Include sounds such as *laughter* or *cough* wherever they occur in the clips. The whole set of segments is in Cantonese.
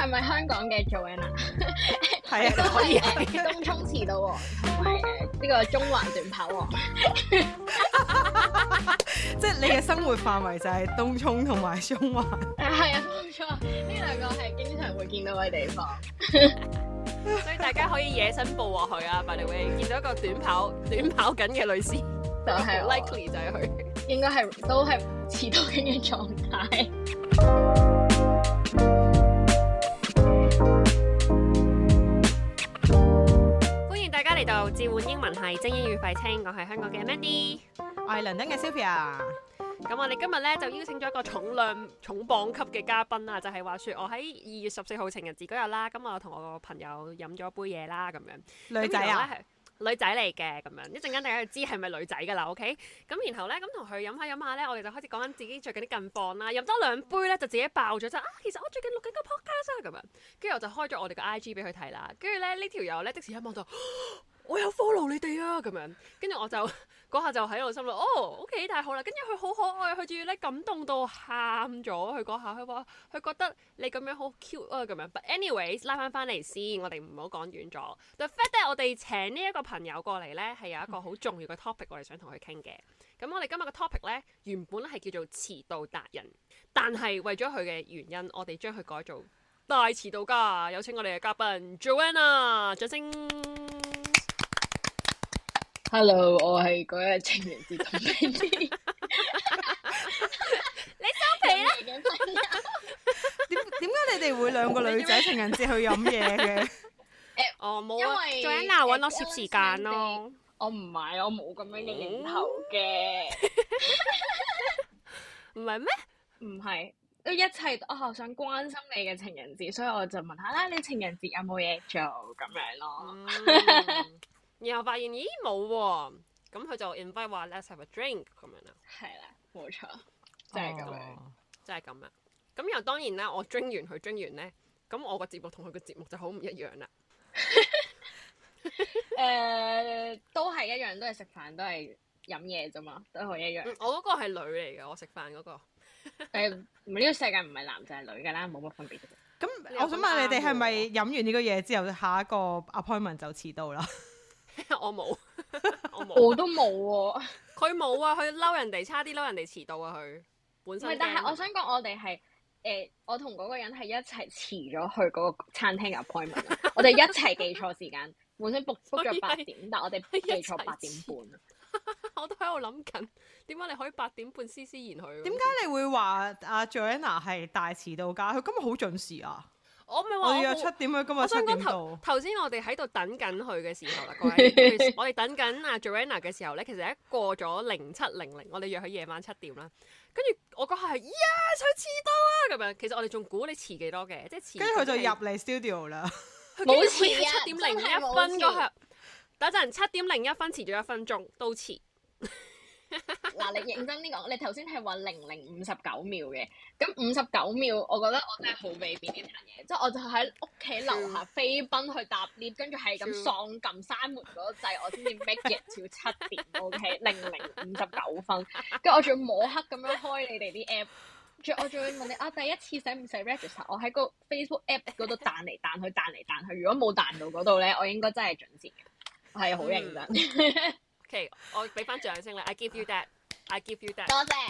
係咪香港嘅 Joana 係啊，都可以。東涌遲到王同埋呢個中環短跑王，即係你嘅生活範圍就係東涌同埋中環。係 *laughs* *laughs* 啊，冇錯、啊，呢兩個係經常會見到嘅地方， *laughs* *laughs* 所以大家可以野生捕獲過去啊，by the way，見到一個短跑短跑緊嘅女士，就係 likely 就係佢， *laughs* 應該係都係遲到緊嘅狀態。 *laughs* 就召喚英文系精英與廢青，我係香港嘅 Mandy，我係倫敦嘅 Sylvia。咁我哋今日咧就邀請咗一個重量重磅級嘅嘉賓啦，就係話説我喺二月十四號情人節嗰日啦，咁我同我個朋友飲咗一杯嘢啦，咁樣女仔啊，女仔嚟嘅，咁樣一陣間大家就知係咪女仔噶啦，OK？咁然後咧咁同佢飲下飲下咧，我哋就開始講緊自己最近啲近況啦。飲多兩杯咧就自己爆咗出啊，其實我最近錄緊個 podcast 啊，咁樣跟住我就開咗我哋嘅 IG 俾佢睇啦。跟住咧呢條友咧即時喺網度。我有 follow 你哋啊，咁樣跟住我就嗰下就喺度心諗 *laughs* 哦，OK，太好啦。跟住佢好可愛，佢仲要咧感動到喊咗。佢嗰下佢話佢覺得你咁樣好 cute 啊，咁樣。But anyways，拉翻翻嚟先，我哋唔好講遠咗。但 fact 咧，我哋請呢一個朋友過嚟呢，係有一個好重要嘅 topic，我哋想同佢傾嘅。咁我哋今日嘅 topic 呢，原本係叫做遲到達人，但係為咗佢嘅原因，我哋將佢改做大遲到家。有請我哋嘅嘉賓 Joana，掌聲！Hello，我係嗰日情人節同 Benny，你收皮啦！點點解你哋會兩個女仔情人節去飲嘢嘅？誒，哦，冇因為，Joana 搵我攝時間咯。我唔係，欸，我冇咁樣嘅念頭嘅。唔係咩？唔係，一切，哦、我係想關心你嘅情人節，所以我就問下啦，你情人節有冇嘢做咁樣咯？然後發現咦冇喎，咁佢、哦、就 invite 話 *noise* let's have a drink 咁樣啦。係啦，冇 *noise* 錯，就係咁，就係咁啦。咁又、哦、然後當然啦，我 drink 完佢 drink 完咧，咁我個節目同佢個節目就好唔一樣啦。誒、 *laughs* 呃，都係一樣，都係食飯，都係飲嘢啫嘛，都好一樣。我嗰個係女嚟嘅，我食飯嗰個。唔係呢個世界唔係男就係女㗎啦，冇乜分別。咁、嗯、我，我想問你哋係咪飲完呢個嘢之後，下一個 appointment 就遲到啦？ *laughs* *laughs* 我冇沒有， *laughs* 我都冇喎。佢冇啊，佢嬲人哋差啲嬲人哋遲到啊！佢本身，唔係，但係我想講我哋係誒，我同嗰個人係一齊遲咗去嗰個餐廳嘅 appointment *laughs* 我哋一齊記錯時間，本身 book 咗八點，但係我哋記錯八點半。一起 *laughs* 我都喺度諗緊，點解你可以八點半施施然去？點解你會話阿 Joana 係大遲到家？佢今日好準時啊！我咪話我約七點咩？今日七點到。頭先我哋喺度等緊佢嘅時候啦，各位 *laughs* 我哋等緊阿 Joana 嘅時候咧，其實一過咗零七零零，我哋約佢夜晚七點啦。跟住我嗰刻係，呀，佢遲到啦咁樣。其實我哋仲估你遲幾多嘅，即係遲、就係。跟住佢就入嚟 studio 啦。冇遲，冇遲啊！七點零一分嗰刻，等陣七點零一分，遲咗一分鐘，都遲。嗱、 *laughs* 啊，你認真呢、這個，你頭先係話零零五十九秒嘅，咁五十九秒，我覺得我真係好俾面呢壇嘢，即係 *laughs* 我就喺屋企樓下飛奔去搭 lift，跟住係咁喪撳閂門嗰掣，我先至 make it 到七點，OK，零零五十九分，跟住我仲要摸黑咁樣開你哋啲 app，跟住我仲要問你啊，第一次使唔使 register？我喺個 Facebook app 嗰度彈嚟彈去，彈嚟彈去，如果冇彈到嗰度咧，我應該真係準時嘅，係好認真。 *laughs* OK，我俾翻掌聲啦！I give you that，I give you that。多謝，謝。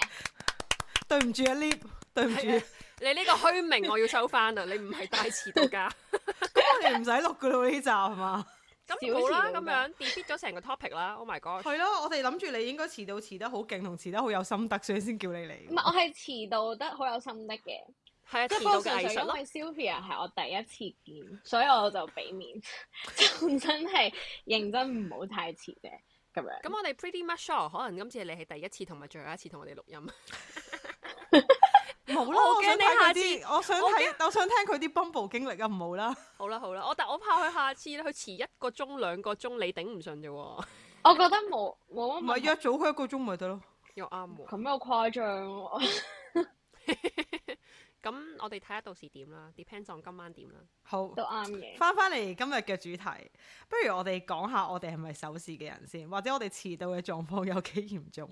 *laughs* 對唔住啊 l i p 對唔住。 *laughs* 你呢個虛名我要收翻啊， *laughs* 你唔係大遲到家。咁 *laughs* *laughs* 我哋唔使錄噶咯，呢集係嘛？咁少啦，咁樣 delete 咗成個 topic 啦。Oh my god！係咯，我哋諗住你應該遲到遲得好勁，同遲得好有心得，所以先叫你嚟。唔係，我係遲到得好有心得嘅。係啊，即係鋪上上咯。 *laughs* 因為 Sylvia 係我第一次見，所以我就俾面，就 *laughs* *laughs* *laughs* 真係認真唔好太遲嘅。咁我哋 pretty much sure 可能今次你係第一次同埋最後一次同我哋錄音，冇 *laughs* 啦 *laughs* 了！我驚你下次，我想睇，我想，我怕我想聽佢啲 Bumble 經歷啊，唔 *laughs* 好啦。好啦好啦，我但我怕佢下次佢遲一個鐘兩個鐘，你頂唔順啫喎。 *laughs* 我覺得冇冇，唔係約早佢一個鐘咪得咯，又啱喎。咁又誇張喎。 *laughs* *laughs* 咁我哋睇下到時點啦，depend on 今晚點啦。好都啱嘅。翻翻嚟今日嘅主題，不如我哋講下我哋係咪守時嘅人先，或者我哋遲到嘅狀況有幾嚴重？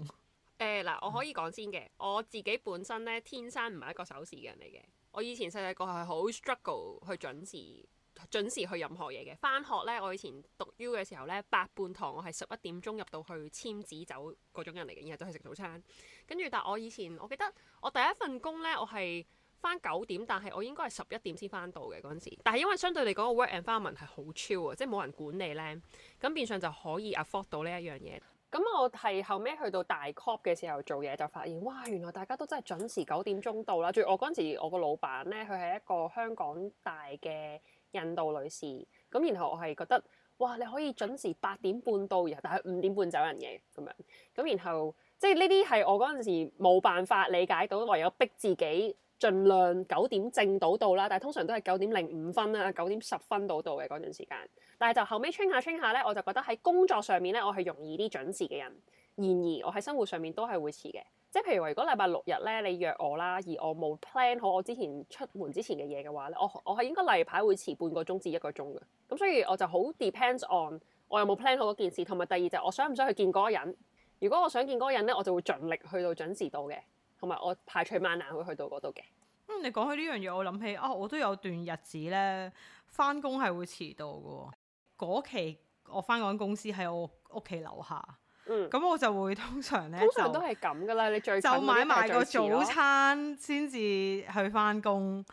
誒嗱、欸，我可以講先嘅， *laughs* 我自己本身咧天生唔係一個守時嘅人嚟嘅。我以前細細個係好 struggle 去準時準時去任何嘢嘅。翻學咧，我以前讀 U 嘅時候咧，八半堂我係十一點鐘入到去簽紙走嗰種人嚟嘅，然後就去食早餐。跟住，但我以前我記得我第一份工咧，我係。翻九點，但係我應該係十一點先翻到嘅嗰陣時。但係因為相對嚟講，work and farming 係好 chill 喎，即係冇人管理咧，咁變相就可以 afford 到呢一樣嘢。咁我係後尾去到大 cop 嘅時候做嘢，就發現哇，原來大家都真係準時九點鐘到啦。最我嗰陣時，我個老闆咧，佢係一個香港大嘅印度女士。咁然後我係覺得哇，你可以準時八點半到然後，但係五點半走人嘅咁樣。咁然後即係呢啲係我嗰陣時冇辦法理解到，唯有逼自己。儘量九點正到到啦，但係通常都係九點零五分啦，九點十分到到嘅嗰段時間。但係就後尾 train 下 train 下咧，我就覺得喺工作上面咧，我係容易啲準時嘅人。然而我喺生活上面都係會遲嘅，即係譬如話，如果禮拜六日咧，你約我啦，而我冇 plan 好我之前出門之前嘅嘢嘅話咧，我我係應該例牌會遲半個鐘至一個鐘嘅。咁所以我就好 depends on 我有冇 plan 好件事。同埋第二就係我想唔想去見嗰個人。如果我想見嗰個人咧，我就會盡力去到準時到嘅。同埋我排除萬難會去到嗰度嘅。嗯，你講起呢樣嘢，我諗起啊，我都有段日子咧，翻工係會遲到嘅。嗰期我翻嗰間公司喺我屋企樓下。嗯。咁我就會通常咧，通常，通常都係咁嘅啦。你最就買埋個早餐先至去翻工。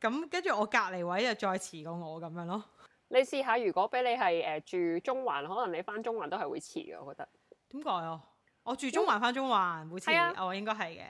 咁跟住我隔離位就再遲過我咁樣咯。你試下，如果俾你係誒、呃、住中環，可能你翻中環都係會遲嘅，我覺得。點解啊？我住中環，翻中環，好似、啊、哦，應該係嘅，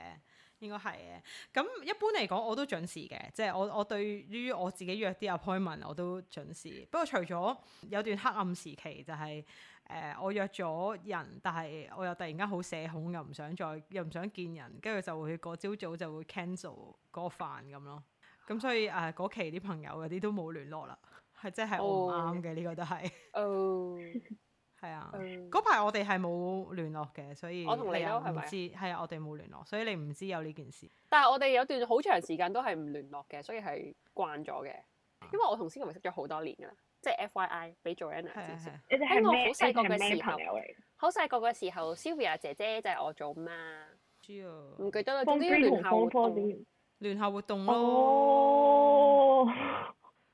應該係嘅。咁一般嚟講，我都準時嘅，即係我我對於我自己約啲 appointment 我都準時。不過除咗有段黑暗時期，就係、是、誒、呃、我約咗人，但係我又突然間好社恐，又唔想再又唔想見人，跟住就會過朝、那個、早就會 cancel 個飯咁咯。咁所以誒嗰、呃、期啲朋友嗰啲都冇聯絡啦。係即係我唔啱嘅，呢、哦、個都係。哦。係啊，嗰排、嗯、我哋係冇聯絡嘅，所以我同你咯，唔知係啊，我哋冇聯絡，所以你唔知有呢件事。但係我哋有段好長時間都係唔聯絡嘅，所以係慣咗嘅。因為我同 Sylvia 識咗好多年啦，即係 F Y I，俾 Joanna 知唔知？你哋係咩嘅朋友嚟？好細個嘅時候，好細個嘅時候，Sylvia 姐姐就係我做媽。知啊。唔記得啦，總之聯繫活動，聯校活動咯。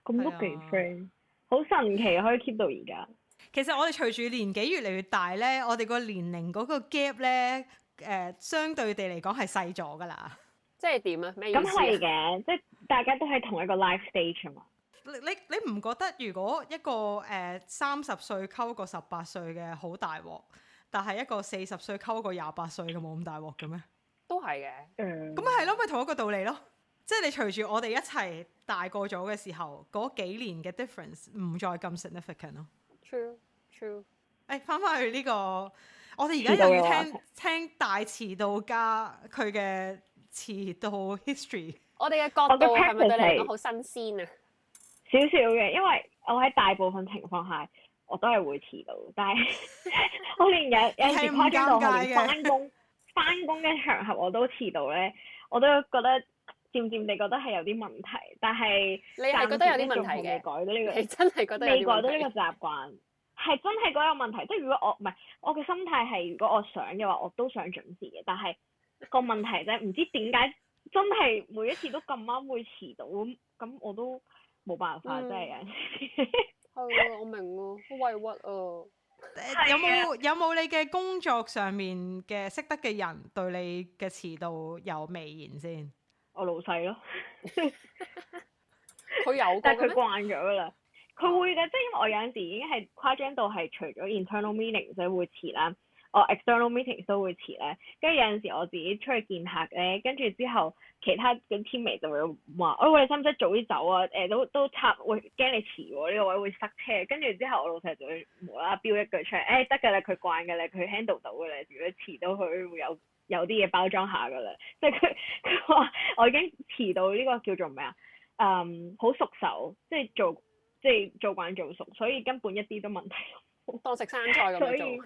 咁都幾 friend，好神奇可以 keep 到而家。其實我哋隨住年紀越嚟越大咧，我哋個年齡嗰個 gap 咧，誒、呃、相對地嚟講係細咗噶啦。即係點啊？咩意思？咁係嘅， *laughs* 即係大家都喺同一個 life stage 啊嘛。你你唔覺得如果一個誒三十歲溝個十八歲嘅好大鑊，但係一個四十歲溝個廿八歲嘅冇咁大鑊嘅咩？都係嘅。誒、嗯。咁咪係咯，咪、就是、同一個道理咯。即係你隨住我哋一齊大個咗嘅時候，嗰幾年嘅 difference 唔再咁 significant 咯。True。誒，翻翻去呢個，我哋而家又要聽遲聽，聽大遲到家佢嘅遲到 history。我哋嘅角度係咪對你嚟講好新鮮啊？少少嘅，因為我喺大部分情況下，我都係會遲到。但係 *laughs* *laughs* 我連有 *laughs* 有陣時誇張到我連翻工翻工嘅場合我都遲到咧，我都覺得漸漸地覺得係有啲問題。但係你係覺得有啲問題嘅？時改呢個、你真係覺得你改到呢、呢個習慣？ *laughs* 係真係嗰個問題，即係如果我唔係我嘅心態係，如果我想嘅話，我都想準時嘅。但係個問題就係，唔知點解真係每一次都咁啱會遲到咁，咁我都冇辦法，嗯、真係。係啊、嗯， *laughs* 我明啊，好委屈啊。 *laughs* 的有冇有冇你嘅工作上面嘅識得嘅人對你嘅遲到有微言先？我老細咯，佢 *laughs* *laughs* 有過，但佢慣咗啦。佢會嘅，即係因為我有陣時已經係誇張到係除咗 internal meeting 所以會遲啦，我 external meeting 都會遲咧，跟住有陣時我自己出去見客咧，跟住之後其他嘅 teammate 就會話，哦、哎，你使唔使早啲走啊？誒、哎、都都插，會驚你遲喎，呢、這個位會塞車。跟住之後我老細就會無啦啦飆一句出嚟，誒得㗎啦，佢慣㗎啦，佢 handle 到㗎啦。如果遲到佢會有有啲嘢包裝下㗎啦。即係佢佢話我已經遲到呢個叫做咩啊？嗯，好熟手，即係做。即係做慣做熟，所以根本一啲都問題。當食生菜咁樣做。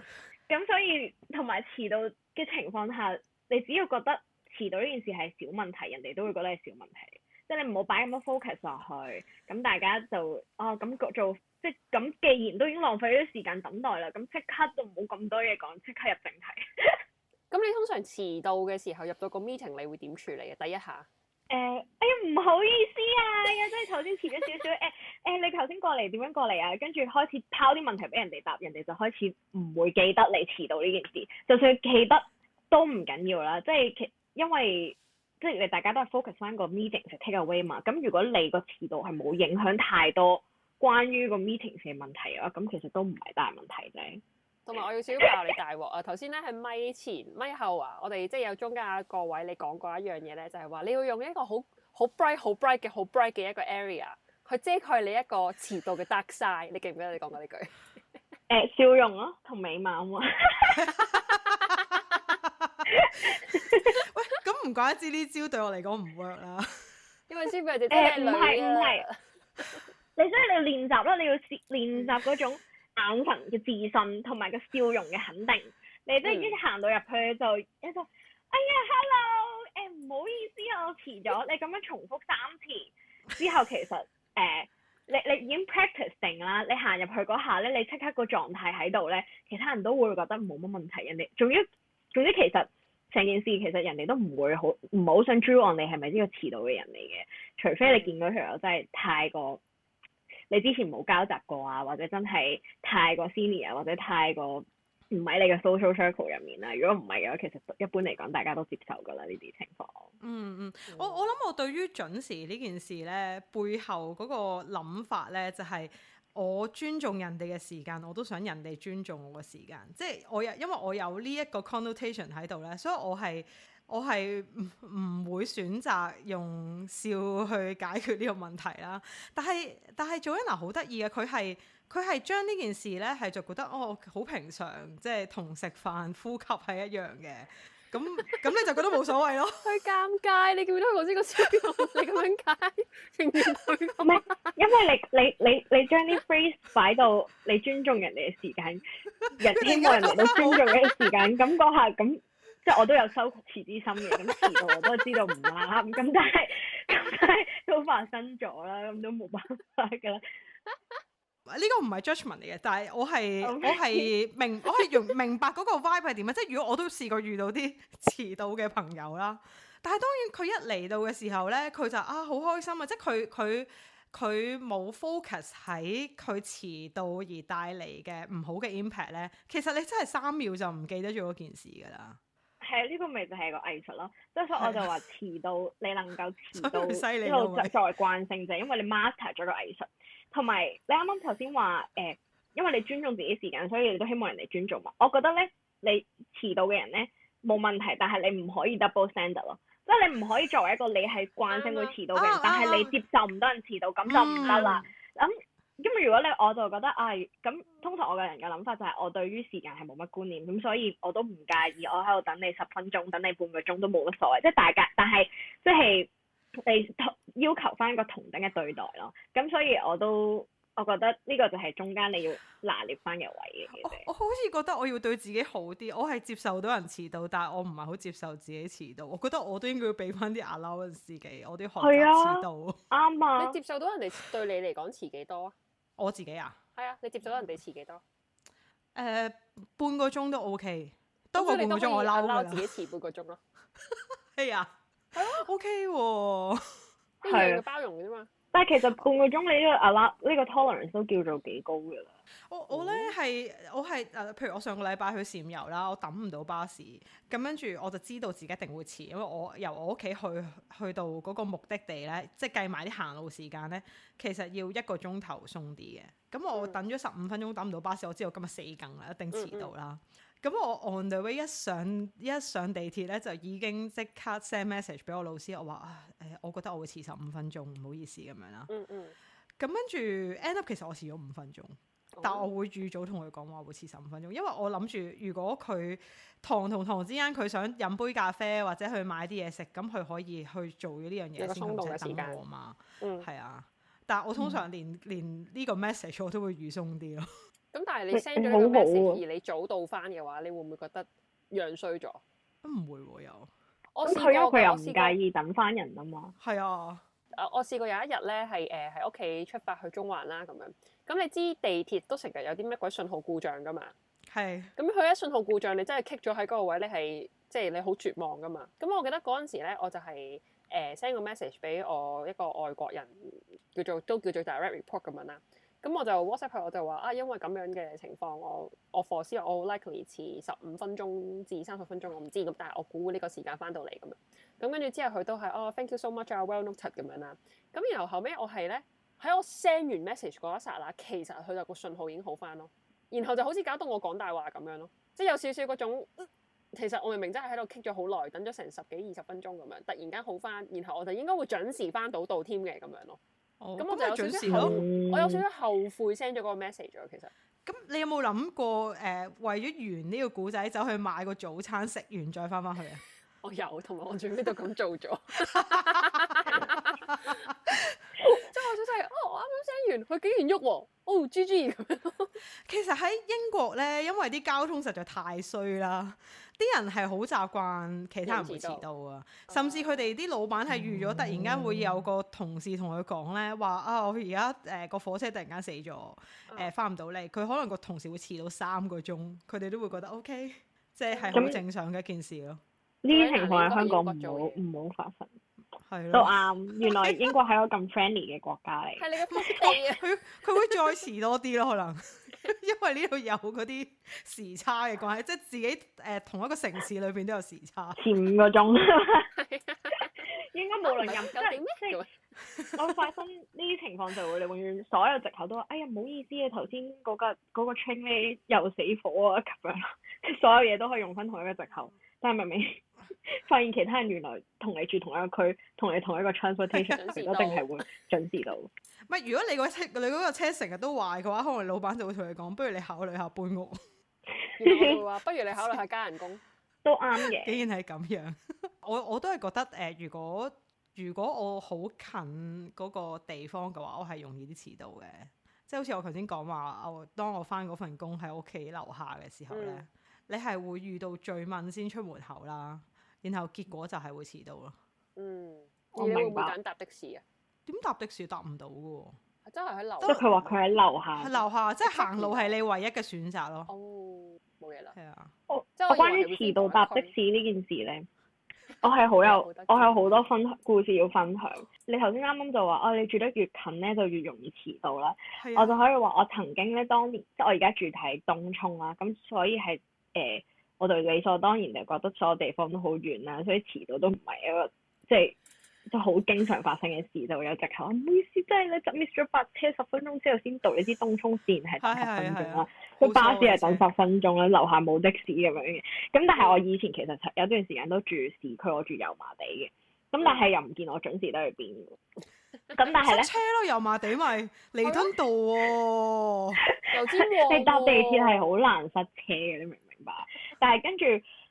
咁所以同埋遲到嘅情況下，你只要覺得遲到呢件事係小問題，人哋都會覺得係小問題。嗯、即係你唔好擺咁多 focus 落去。咁大家就哦咁做，即係咁。既然都已經浪費咗啲時間等待啦，咁即刻就唔好咁多嘢講，即刻入正題。咁 *laughs* 你通常遲到嘅時候入到個 meeting，你會點處理啊？第一下？誒，uh, 哎呀，唔好意思啊，呀，真係頭先遲咗少少。誒，誒，你頭先過嚟點樣過嚟啊？跟住開始拋啲問題俾人哋答，人哋就開始唔會記得你遲到呢件事。就算記得都唔緊要，要啦，即係其因為即係你大家都係 focus 翻個 meeting 嘅 takeaway 嘛。咁如果你個遲到係冇影響太多關於個 meeting 嘅問題啊，話，咁其實都唔係大問題啫。同埋我要小小教你大鑊啊！頭先咧喺咪前、咪後啊，我哋即係有中間啊個位，你講過一樣嘢咧，就係話你要用一個好好 bright, 好 bright、好 bright 嘅好 bright 嘅一個 area，去遮蓋你一個遲到嘅 dark side。 *laughs* 你記唔記得你講過呢句？誒 *laughs* 、欸、笑容咯，同美貌啊！啊 *laughs* *laughs* 喂，咁唔怪得知呢招對我嚟講唔 work 啦， *laughs* 因為是真是 Stephen 唔係，唔係，你所以你要練習啦，你要練習嗰種。 *laughs* 眼神嘅自信同埋個笑容嘅肯定，你都已經行到入去、嗯、就一個，哎呀，hello，誒、欸、唔好意思，我遲咗。 *laughs* 你咁樣重複三次之後，其實誒、呃，你你已經 practice 定啦。你行入去嗰下咧，你即刻個狀態喺度咧，其他人都會覺得冇乜問題。人哋仲要，總之，總之其實成件事其實人哋都唔會好唔好想追我。你係咪呢個遲到嘅人嚟嘅？除非你見到佢我真係太過。嗯你之前冇交集過啊，或者真係太過 senior 或者太過唔喺你嘅 social circle 入面啦、啊。如果唔係嘅話，其實一般嚟講大家都接受㗎啦呢啲情況。嗯嗯，嗯，我我諗我對於準時呢件事呢，背後嗰個諗法呢，就係、是、我尊重人哋嘅時間，我都想人哋尊重我嘅時間。即係我有，因為我有呢一個 connotation 喺度呢，所以我係。我係唔會選擇用笑去解決呢個問題啦。但係但係 Joana 好得意嘅，佢係佢係將呢件事咧係就覺得哦好平常，即係同食飯、呼吸係一樣嘅。咁咁你就覺得冇所謂咯？佢尷、 *laughs* 哎、尬，你見到我先個笑，你咁樣解，仍然唔係，因為你你你你將啲 phrase 擺到你尊重人哋嘅時間，人希望人嚟到尊重嘅時間，咁嗰下咁。即係我都有羞恥啲心嘅，咁遲到我都知道唔啱，咁 *laughs* 但係咁但係都發生咗啦，咁都冇辦法嘅啦。呢個唔係 judgement 嚟嘅，但係我係 Okay. 我係明我係明明白嗰個 vibe 係點啊！ *laughs* 即係如果我都試過遇到啲遲到嘅朋友啦，但係當然佢一嚟到嘅時候咧，佢就啊好開心啊！即係佢佢佢冇 focus 喺佢遲到而帶嚟嘅唔好嘅 impact 咧，其實你真係三秒就唔記得咗嗰件事噶啦。係，呢、這個咪就係個藝術咯。即係所以我就話 *laughs* 遲到，你能夠遲到、這個，一路作作為慣性啫。因為你 master 咗個藝術，同埋你啱啱頭先話誒，因為你尊重自己時間，所以你都希望人哋尊重嘛。我覺得咧，你遲到嘅人咧冇問題，但係你唔可以 double s a n d 得咯。即係你唔可以作為一個你係慣性會遲到嘅，人， *laughs* 但係你接受唔到人遲到咁 *laughs* 就唔得啦。咁 *laughs* 咁如果咧，我就覺得，唉、哎，咁通常我個人嘅諗法就係我對於時間係冇乜觀念，咁所以我都唔介意，我喺度等你十分鐘，等你半個鐘都冇乜所謂，即係大家，但係即係你要求翻一個同等嘅對待咯。咁所以我都我覺得呢個就係中間你要拿捏翻嘅位嘅。我好似覺得我要對自己好啲，我係接受到人遲到，但係我唔係好接受自己遲到。我覺得我都應該要俾翻啲 allowance 自己，我啲學生遲到。啱啊！ *laughs* 你接受到人哋對你嚟講遲幾多啊？ *laughs* 我自己啊，係啊，你接受得人哋遲幾多？誒，半個鐘都 OK，多過半個鐘我嬲，我自己遲半個鐘咯，係啊，係咯，OK 喎，因為包容啫嘛。但係其實半個鐘你呢個 allow 呢個 tolerance 都叫做幾高嘅啦。我呢、哦、我咧係我係誒，譬如我上個禮拜去禪遊啦，我等唔到巴士咁，跟住我就知道自己一定會遲，因為我由我屋企去去到嗰個目的地咧，即係計埋啲行路時間咧，其實要一個鐘頭鬆啲嘅。咁我等咗十五分鐘，等唔到巴士，我知道我今日死梗啦，一定遲到啦。咁、嗯嗯、我 on the way 一上一上地鐵咧，就已經即刻 send message 俾我老師，我話誒，我覺得我會遲十五分鐘，唔好意思咁樣啦。嗯，咁跟住 end up，其實我遲咗五分鐘。但係我會預早同佢講，話會遲十五分鐘，因為我諗住如果佢堂同堂，堂之間佢想飲杯咖啡或者去買啲嘢食，咁佢可以去做呢樣嘢先咁，唔使等我嘛。嗯，係啊。但係我通常連、嗯、連呢個 message 我都會預鬆啲咯。咁、嗯、 *laughs* 但係你 send 咗呢個 message 而你早到翻嘅話，你會唔會覺得樣衰咗？唔、嗯、會喎，有。我試過佢又唔介意等翻人啊嘛。係啊。我試過有一日咧係誒喺屋企出發去中環啦，咁樣。咁 an 你知地鐵都成日有啲乜鬼信號故障噶嘛？係是。咁佢一信號故障，place, 你真係棘咗喺嗰個位，你係即係你好絕望噶嘛？咁我記得嗰陣時咧，我就係誒 send 個 message 俾我一個外國人，叫做都叫做 direct report 咁樣啦。咁我就 WhatsApp 佢，我就話啊，因為咁樣嘅情況，我我駛車，我好 likely 遲十五分鐘至三十分鐘，我唔知咁，但係我估呢個時間翻到嚟咁樣。咁跟住之後，佢都係哦，thank you so much 啊，well noted 咁樣啦。咁然後後尾我係咧。喺我 send 完 message 嗰一剎那，其實佢就個信號已經好翻咯。然後就好似搞到我講大話咁樣咯，即係有少少嗰種。其實我明明真係喺度傾咗好耐，等咗成十幾二十分鐘咁樣，突然間好翻，然後我就應該會準時翻到度添嘅咁樣咯。咁、哦、我就係有少少，少，我有少，少，我有少少後悔 send 咗嗰個 message 啊。其實咁，你有冇諗過誒、呃，為咗完呢個故仔，走去買個早餐，食完再翻翻去啊？ *laughs* 我有，同埋我最尾都咁做咗。 *laughs* *laughs* *laughs* 講完，佢竟然喐喎，哦，G G 咁樣。GG、 *laughs* 其實喺英國咧，因為啲交通實在太衰啦，啲人係好習慣其他人會遲到啊。嗯、甚至佢哋啲老闆係預咗，突然間會有個同事同佢講咧，話啊、嗯，我而家誒個火車突然間死咗，誒翻唔到嚟。佢可能個同事會遲到三個鐘，佢哋都會覺得 O、OK、K，即係係好正常嘅一件事咯。呢啲、嗯、情況喺香港唔港好唔好發生。係咯，都啱。原來英國係個咁 friendly 嘅國家嚟。係你嘅福地。啊！佢佢會再遲多啲咯，可能因為呢度有嗰啲時差嘅關係，即係自己誒、呃、同一個城市裏邊都有時差，前五個鐘。應該無論任何點，我會發生呢啲情況，就會你永遠所有藉口都話：哎呀，唔好意思啊，頭先嗰個、嗰個、train 咧又死火啊咁樣。即係所有嘢都可以用翻同一個藉口。但明明發現其他人原來同你住同一個區，同你同一個 transportation 時， *laughs* 一定係會準時到。唔係 *laughs* 如果你個車，你嗰個車成日都壞嘅話，可能老闆就會同你講，不如你考慮下搬屋。又 *laughs* *laughs* 不如你考慮下加人工， *laughs* 都啱嘅的。既然係咁樣，我我都係覺得誒、呃，如果如果我好近嗰個地方嘅話，我係容易啲遲到嘅。即係好似我頭先講話，我當我翻嗰份工喺屋企樓下嘅時候咧。嗯你係會遇到醉問先出門口啦，然後結果就係會遲到咯。嗯，你會唔會揀搭的士啊？點搭的士搭唔到嘅喎，真係喺樓。即係佢話佢喺樓下，樓下即係行路係你唯一嘅選擇咯。哦，冇嘢啦。係啊。我即係關於遲到搭的士呢件事咧，我係好有我有好多分故事要分享。你頭先啱啱就話哦，你住得越近咧就越容易遲到啦。我就可以話我曾經咧，當年即係我而家住喺東涌啦，咁所以係。誒、欸，我哋理所當然就覺得所有地方都好遠啦，所以遲到都唔係一個即係都好經常發生嘅事，就會有藉口。唔 *laughs* 好意思，即係你執 miss 咗八車十分鐘之後先到，你知東涌線係等十分鐘啦，咁 *laughs* *laughs* *laughs* 巴士係等十分鐘啦， *laughs* 樓下冇的士咁樣嘅。咁但係我以前其實有段時間都住市區，我住油麻地嘅。咁 *laughs* 但係又唔見我準時得去邊。咁但係咧，塞 *laughs* 車咯，油麻地咪彌敦道喎，又尖旺，你搭地鐵係好難塞車嘅，你明唔明？但係跟住，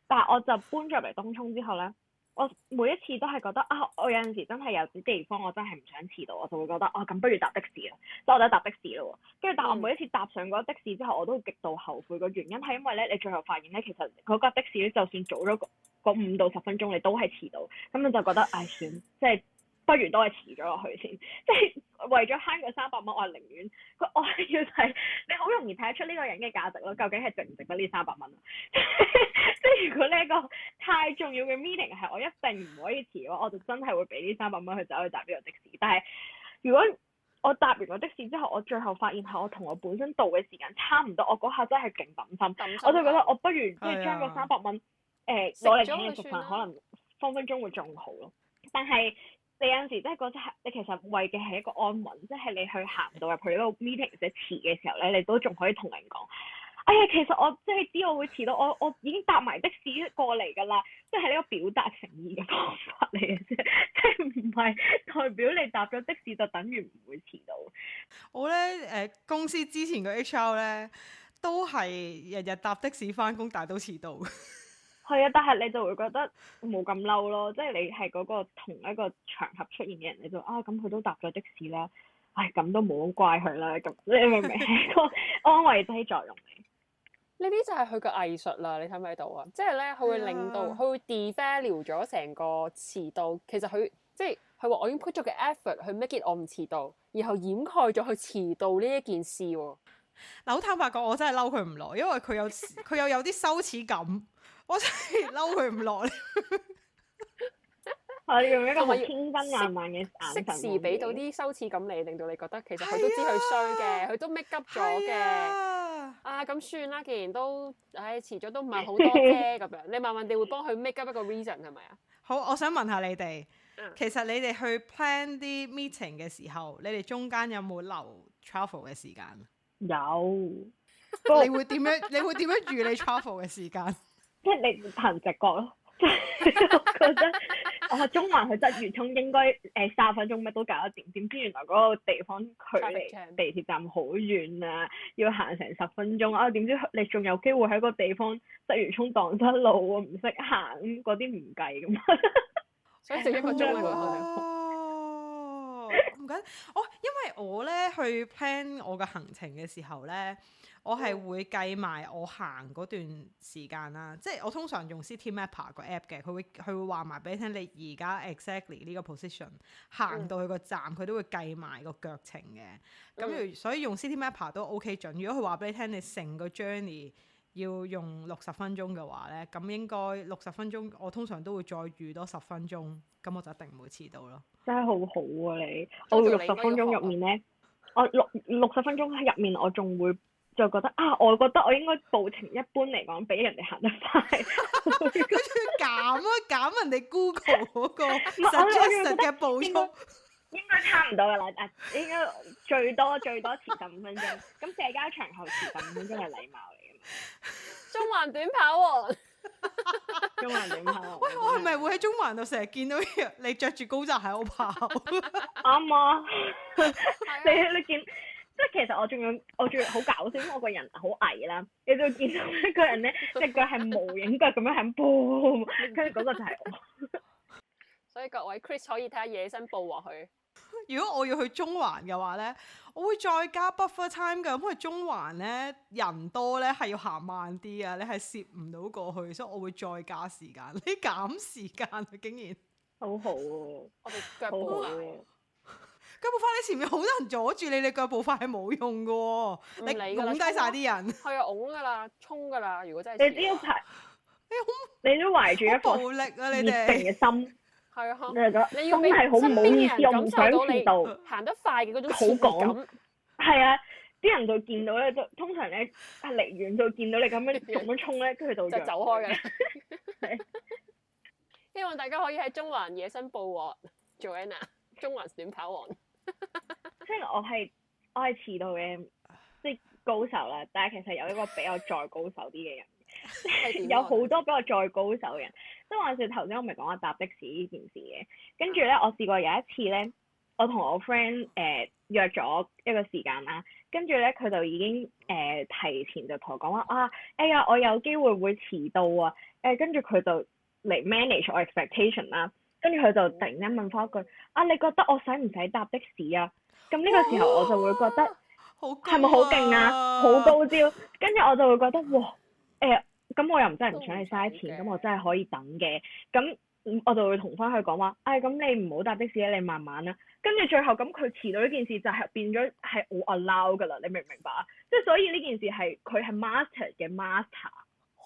但係我就搬咗入嚟東涌之後咧，我每一次都係覺得啊，我有陣時真係有啲地方我真係唔想遲到，我就會覺得啊，咁不如搭的士啦，所以我都係搭的士咯。跟住，但係我每一次搭上嗰的士之後，我都極度後悔。個原因係因為咧，你最後發現咧，其實嗰架的士咧，就算早咗嗰五到十分鐘，你都係遲到。咁你就覺得唉、哎，算即係。不如都係遲咗落去先，即係為咗慳嗰三百蚊，我係寧願我係要睇你好容易睇得出呢個人嘅價值咯，究竟係值唔值得呢三百蚊？ *laughs* 即係如果呢一個太重要嘅 meeting 係我一定唔可以遲嘅話，我就真係會俾呢三百蚊去走去搭呢個的士。但係如果我搭完個的士之後，我最後發現係我同我本身到嘅時間差唔多，我嗰下真係勁抌心，我就覺得我不如即係將嗰三百蚊誒攞嚟點嘢食飯，可能分分鐘會仲好咯。但係。你有陣時真係覺得係，你其實為嘅係一個安穩，即係你去行到入去嗰個 meeting 或者遲嘅時候咧，你都仲可以同人講，哎呀，其實我即係知我會遲到，我我已經搭埋的士過嚟㗎啦，即係呢個表達誠意嘅方法嚟嘅啫，即係唔係代表你搭咗的士就等於唔會遲到。我咧誒，呃，公司之前嘅 HR 咧，都係日日搭的士返工，但係都遲到。係啊，但係你就會覺得冇咁嬲咯，即係你係嗰個同一個場合出現嘅人，你就啊，咁佢都搭咗的士啦，唉、哎、咁都冇怪佢啦，咁你明唔明？個安慰劑作用嚟，呢啲就係佢個藝術啦，你睇唔睇到啊？即係咧，佢 Yeah. 會令到佢會 devalue 咗成個遲到，其實佢即係佢話我已經 put 咗嘅 effort 去 make it，我唔遲到，然後掩蓋咗佢遲到呢一件事喎。嗱，好坦白講，我真係嬲佢唔耐，因為佢有佢又有啲羞恥感。我真係嬲佢唔落，我 *laughs* *laughs* 用一個千分廿萬嘅眼神， *laughs* 適時俾到啲羞恥感嚟，令到你覺得其實佢都知佢衰嘅，佢、哎、呀都 make 急咗嘅。哎、呀啊，咁算啦，既然都，唉、哎，遲咗都唔係好多啫。咁樣，你慢慢地會幫佢 make 急一個 reason 係咪啊？ *laughs* 好，我想問下你哋，其實你哋去 plan 啲 meeting 嘅時候，你哋中間有冇留 travel 嘅時間？有， *laughs* 你會點樣？你會點樣處你 travel 嘅時間？即係你唔憑直覺咯，即係 *laughs* 我覺得我係中環去鰂魚涌應該誒三十分鐘咩都搞得掂，點知原來嗰個地方距離地鐵站好遠啊，要行成十分鐘啊，點知你仲有機會喺個地方鰂魚涌蕩失路啊，唔識行嗰啲唔計咁， *laughs* 所以剩一個鐘唔緊，我、oh, oh, 因為我咧去 plan 我嘅行程嘅時候咧，我係會計埋我行嗰段時間啦。即係我通常用 City Mapper 個 app 嘅，佢會佢會話埋俾你聽，你而家 exactly 呢個 position 行到去個站，佢都會計埋個腳程嘅。咁如所以用 City Mapper 都 OK 準。如果佢話俾你聽你成個 journey 要用六十分鐘嘅話咧，咁應該六十分鐘我通常都會再預多十分鐘，咁我就一定唔會遲到咯。真係好好、啊、喎你，你我，我六十分鐘入面咧，我六六十分鐘喺入面，我仲會就覺得啊，我覺得我應該步程一般嚟講比人哋行得快，佢 *laughs* 仲 *laughs* 要減啊 *laughs* 減人哋 Google 嗰個 suggested 嘅步速，應該差唔多噶啦，誒應該最多最多遲十五分鐘，咁社交場合遲十五分鐘係禮貌嚟嘅，中 *laughs* 環短跑喎。 *laughs* 中環影下喂，是我係咪會喺中環度成日見到你着住高踭喺度跑？啱 *laughs* 啊， *laughs* *laughs* 你你見，即係其實我仲要我仲好搞笑，因為 *laughs* 我個人好矮啦， *laughs* 你都見到一個人咧，隻腳係無影腳咁樣響波，跟住嗰個就係我。 *laughs* 所以各位 Chris 可以睇下野生捕獲佢。如果我要去中環嘅話咧，我會再加 buffer time 嘅。因為中環咧，人多咧係要行慢啲啊，你係攝唔到過去，所以我會再加時間。你減時間竟然你間、啊、好好、啊，我哋腳步快好好、啊。腳步快，你前面好多人阻住你，你腳步快係冇用嘅。你拱低晒啲人，係啊，拱㗎喇，衝㗎喇。如果真係你，你，你都要排，你都懷住一個暴力啊，你哋。對話嗯、你係你心係好唔好意思，我唔想領度、嗯。行得快嘅嗰種好趕，係啊！啲人就見到咧，都通常咧啊離遠就見到你咁樣咁樣衝咧，跟住就 *laughs* 就走開嘅。希望大家可以喺中環野生捕獲 Joana 中環短跑王。雖 *laughs* 然我係我係遲到嘅即高手啦，但係其實有一個比較再高手啲嘅人， *laughs* *laughs* 有好多比較再高手嘅人。即係話，説頭先我咪講話搭的士呢件事嘅。跟住咧我試過有一次咧，我同我 friend 誒、呃、約咗一個時間啦，跟住咧佢就已經誒、呃、提前就同我講話啊，哎呀我有機會會遲到啊，誒、呃、跟住佢就嚟 manage 我 expectation 啦、啊，跟住佢就突然間問翻一句啊，你覺得我使唔使搭的士啊？咁呢個時候我就會覺得，好，係咪好勁啊？好高招、啊啊，跟住我就會覺得哇誒。哎咁我又唔真係唔想你嘥錢，咁我真係可以等嘅。咁我就會同翻佢講話，唉、哎，咁你唔好搭的士咧，你慢慢啦。跟住最後咁佢遲到呢件事就係變咗係我 allow 噶啦。你明唔明白啊？即係所以呢件事係佢係 master 嘅 master，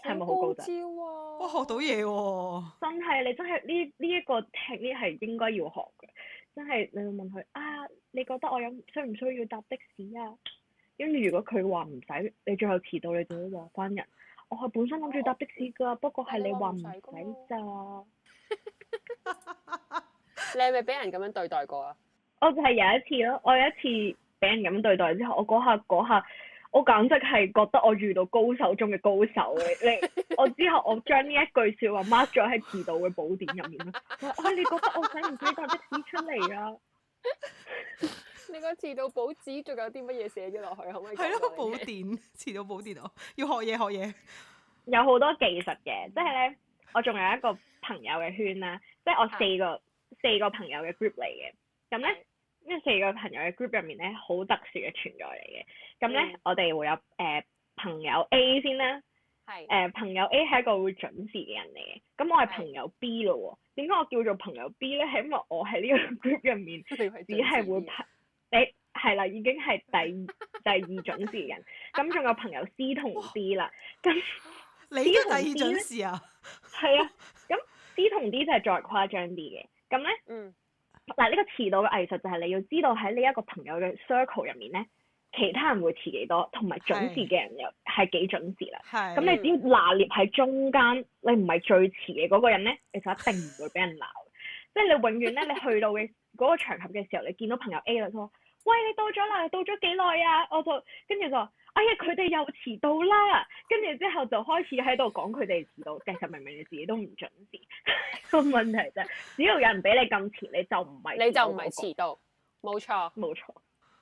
係咪好高質啊？哇！學到嘢喎！真係你真係呢呢一個 treat 係應該要學嘅。真係你要問佢啊，你覺得我有需唔需要搭的士啊？跟住如果佢話唔使，你最後遲到你就要話翻人。我係本身諗住搭的士㗎，哦、不過係你話唔鬼咋？ *laughs* 你係咪俾人咁樣對待過啊？我就係有一次咯，我有一次俾人咁樣對待之後，我嗰下嗰下，我簡直係覺得我遇到高手中嘅高手 *laughs* 你，我之後我將呢一句説話 mark 咗喺遲到嘅寶典入面啦。我、 *laughs* 哎、你覺得我使唔使搭的士出嚟啊？ *laughs* 你個遲到簿紙仲有啲乜嘢寫咗落去，可唔可以？係咯，寶典，遲到寶典哦，要學嘢學嘢。有好多技術嘅，即係呢，我仲有一個朋友嘅圈啦，即、就、係、是、我四個的四個朋友嘅 group 嚟嘅。咁咧，呢的四個朋友嘅 group 入面咧，好特殊嘅存在嚟嘅。咁咧，的我哋會有誒、呃、朋友 A 先啦，係誒的、呃、朋友 A 係一個會準時嘅人嚟嘅。咁我係朋友 B 咯喎，點解的我叫做朋友 B 咧？係因為我喺呢個 group 入面，出只係會拍。誒，係啦，已經係第第二準時人，咁仲 *laughs* 有朋友 C 同 D 啦，咁已經第二準時啊，係同 *laughs* 啊，咁 C 同 D 就係再誇張啲嘅，咁咧，嗱呢、嗯呢個遲到嘅藝術就係你要知道喺呢一個朋友嘅 circle 入面咧，其他人會遲幾多，同埋準時嘅人又係幾準時啦，咁是你只要拿捏喺中間，你唔係最遲嘅嗰個人咧，你就一定唔會俾人鬧， *laughs* 即係你永遠咧，你去到嘅。嗰個場合嘅時候，你見到朋友 A 啦，佢話：喂，你到咗啦，到咗幾耐啊？我就跟住就話：哎呀，佢哋又遲到啦！跟住之後就開始喺度講佢哋遲到，其實明明你自己都唔準時， *laughs* 個問題就係只要有人比你咁遲，你就唔係、嗰個、你就唔係遲到，冇錯冇錯，錯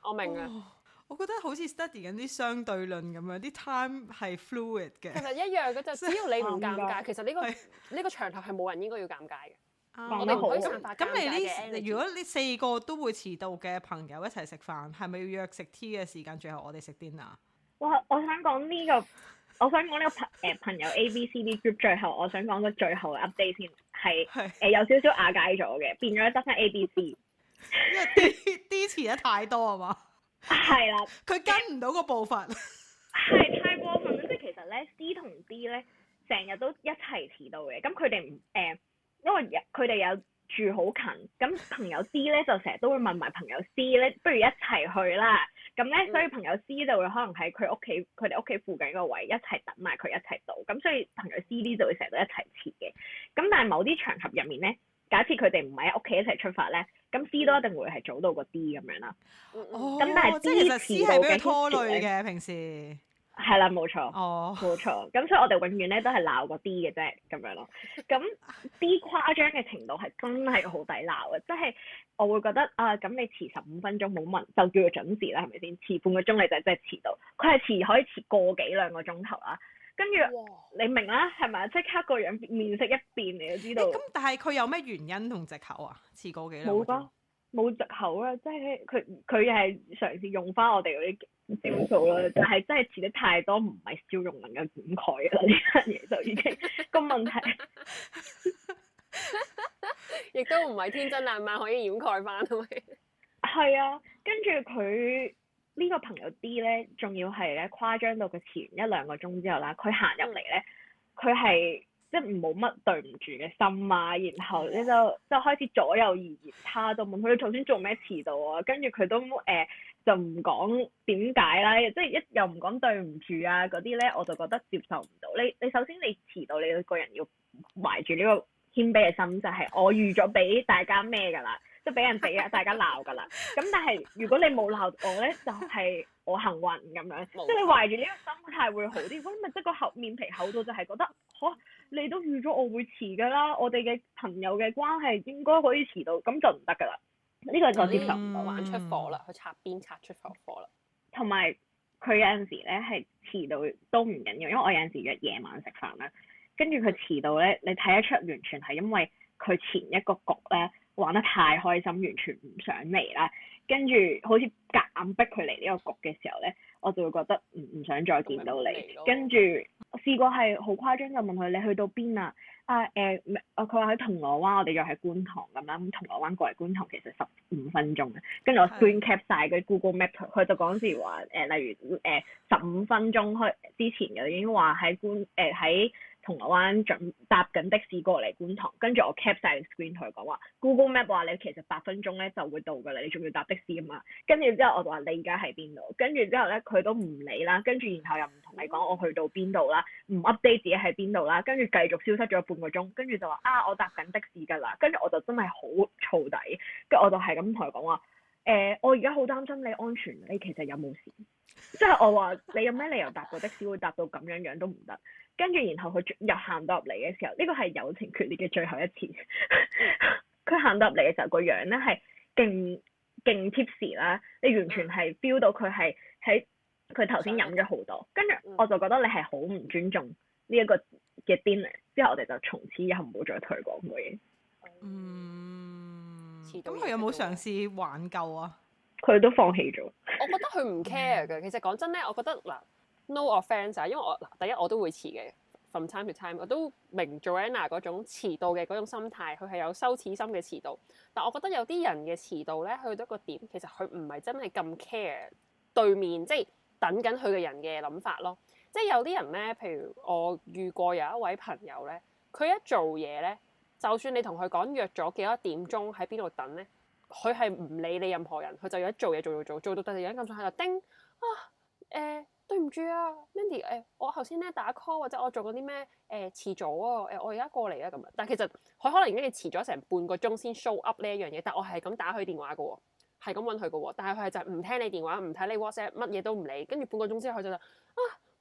我明啊、哦！我覺得好似 study 緊啲相對論咁樣，啲 time 係 fluid 嘅。其實一樣嘅，就只要你唔尷尬， *laughs* 其實呢、呢個呢 *laughs* 個場合係冇人應該要尷尬嘅。好咁，啊啊、你呢？如果呢四個都會遲到嘅朋友一齊食飯，係咪要約食 tea 嘅時間？最後我哋食 dinner。哇！我想講呢、呢個，我想講呢個朋誒朋友 A B C D group 最後， *laughs* 我想講個最後嘅 update 先係誒有少少瓦解咗嘅，變咗得翻 A B C。因 *laughs* 為 *laughs* D D 遲得太多 *laughs* *laughs* 啊嘛。係啦，佢跟唔到個部分，係 *laughs* 太過分即係其實咧，C 同 D 咧成日都一齊遲到嘅，咁佢哋唔誒。呃因為佢哋有住好近，咁朋，朋友 C 咧就成日都會問埋朋友 C 咧，不如一齊去啦。咁咧，所以朋友 C 就會可能喺佢屋企、佢哋屋企附近個位一齊等埋佢一齊到。咁所以朋友 C、D 就會成日都一齊遲嘅。咁但係某啲場合入面咧，假設佢哋唔係喺屋企一齊出發咧，咁 C 都一定會係早到過 D 咁樣啦。哦，咁但係即係其實 D 係拖累嘅平時。係啦，冇錯，冇、oh. 錯。咁所以，我哋永遠咧都係鬧個 D 嘅啫，咁樣咯。咁啲誇張嘅程度係真係好抵鬧啊！即、就、係、是、我會覺得啊，咁你遲十五分鐘冇問就叫做準時啦，係咪先？遲半個鐘你就即係遲到。佢係遲可以遲個幾兩個鐘頭啦。跟住 Wow. 你明啦，係咪？即刻個樣面色一變，你就知道。咁但係佢有咩原因同藉口啊？遲個幾兩？冇㗎。冇藉口啦，即係佢佢係嘗試用翻我哋嗰啲招數啦， *music* 但係真係遲得太多，唔係笑容能夠掩蓋嘅呢單嘢，就已經個問題，亦都唔係天真爛漫可以掩蓋翻，係咪？係啊，跟住佢呢個朋友 D 咧，仲要係咧誇張到佢前一兩個鐘之後啦，佢行入嚟咧，佢係、嗯。即係冇乜對唔住嘅心啊，然後你就就開始左右而言他，就問佢你頭先做咩遲到啊？跟住佢都誒、呃、就唔講點解啦，即係一又唔講對唔住啊嗰啲咧，我就覺得接受唔到。你你首先你遲到，你個人要懷住呢個謙卑嘅心，就係、是、我預咗俾大家咩㗎啦，即係俾人俾啊 *laughs* 大家鬧㗎啦。咁但係如果你冇鬧我咧，就係、是、我幸運咁樣。 *laughs* 即係你懷住呢個心態會好啲。咁咪即係個厚面皮厚到就係覺得，呵。你都預咗我會遲㗎啦，我哋嘅朋友嘅關係應該可以遲到，咁就唔得㗎啦。呢、這個就接受唔到玩出火啦，去擦、嗯、邊擦出火火啦。同埋佢有陣時咧係遲到都唔緊要，因為我有陣時約夜晚食飯啦，跟住佢遲到咧，你睇得出完全係因為佢前一個局咧玩得太開心，完全唔想嚟啦。跟住好似夾硬逼佢嚟呢個局嘅時候咧，我就會覺得唔唔想再見到你，不不跟住。我試過係好誇張就問佢你去到邊啊？啊誒唔，佢話喺銅鑼灣，我哋又喺觀塘咁樣。咁、嗯、銅鑼灣過嚟觀塘其實十五分鐘嘅，跟住我 screen cap 晒嗰啲 Google Map 佢就嗰陣時話、呃、例如誒十五分鐘開之前就已經話喺觀誒喺。呃銅鑼灣準搭緊的士過嚟觀塘，跟住我 cap 晒個 screen 同佢講話，Google Map 話你其實八分鐘咧就會到㗎啦，你仲要搭的士啊嘛，跟住之後我就話你而家喺邊度，跟住之後咧佢都唔理啦，跟住然後又唔同你講我去到邊度啦，唔 update 自己喺邊度啦，跟住繼續消失咗半個鐘，跟住就話啊我搭緊的士㗎啦，跟住我就真係好燥底，跟住我就係咁同佢講話，誒、呃、我而家好擔心你安全，你其實有冇事？ *laughs* 即係我話，你有咩理由搭個的士會搭到咁樣樣都唔得？跟住然後佢又行到入嚟嘅時候，呢個係友情決裂嘅最後一次。佢行到入嚟嘅時候，個樣咧係勁勁貼士啦，你完全係 feel 到佢係喺佢頭先飲咗好多，跟住的我就覺得你係好唔尊重呢一個嘅 dinner。之後我哋就從此以後唔好再推廣嘅嘢。嗯，咁佢有冇嘗試挽救啊？佢都放棄咗。我覺得佢唔 care 㗎。其實講真咧，我覺得嗱，no offence 因為我嗱，第一我都會遲嘅，from time to time，我都明 Joanna 嗰種遲到嘅嗰種心態，佢係有羞恥心嘅遲到。但我覺得有啲人嘅遲到咧，佢一個點，其實佢唔係真係咁 care 對面，即、就、係、是、等緊佢嘅人嘅諗法咯。即係有啲人咧，譬如我遇過有一位朋友咧，佢一做嘢咧，就算你同佢講約咗幾多點鐘喺邊度等咧。佢係唔理你任何人，佢就而家做嘢做做做，做到突然間咁上喺度叮啊誒、欸、對唔住啊 Mandy 誒、欸、我頭先咧打 call 或者我做嗰啲咩，誒遲咗啊，誒我而家過嚟啊咁樣，但係其實佢可能而家係遲咗成半個鐘先 show up 呢一樣嘢，但我係咁打佢電話嘅喎，係咁揾佢嘅喎，但係佢係就唔聽你電話，唔睇你 WhatsApp，乜嘢都唔理，跟住半個鐘之後佢就啊。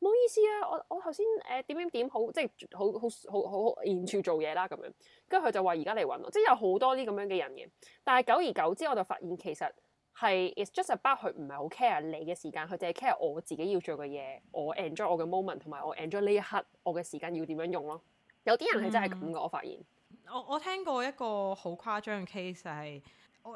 唔好意思啊，我我頭先誒點點點好，即係好好好好好 enjoy 做嘢啦咁樣，跟住佢就話而家嚟搵我，即係有好多啲咁樣嘅人嘅。但係久而久之，我就發現其實係，is just about 佢唔係好 care 你嘅時間，佢淨係 care 我自己要做嘅嘢，我 enjoy 我嘅 moment，同埋我 enjoy 呢一刻我嘅時間要點樣用咯。有啲人係真係咁嘅。嗯、我發現。我我聽過一個好誇張嘅 case 係。就係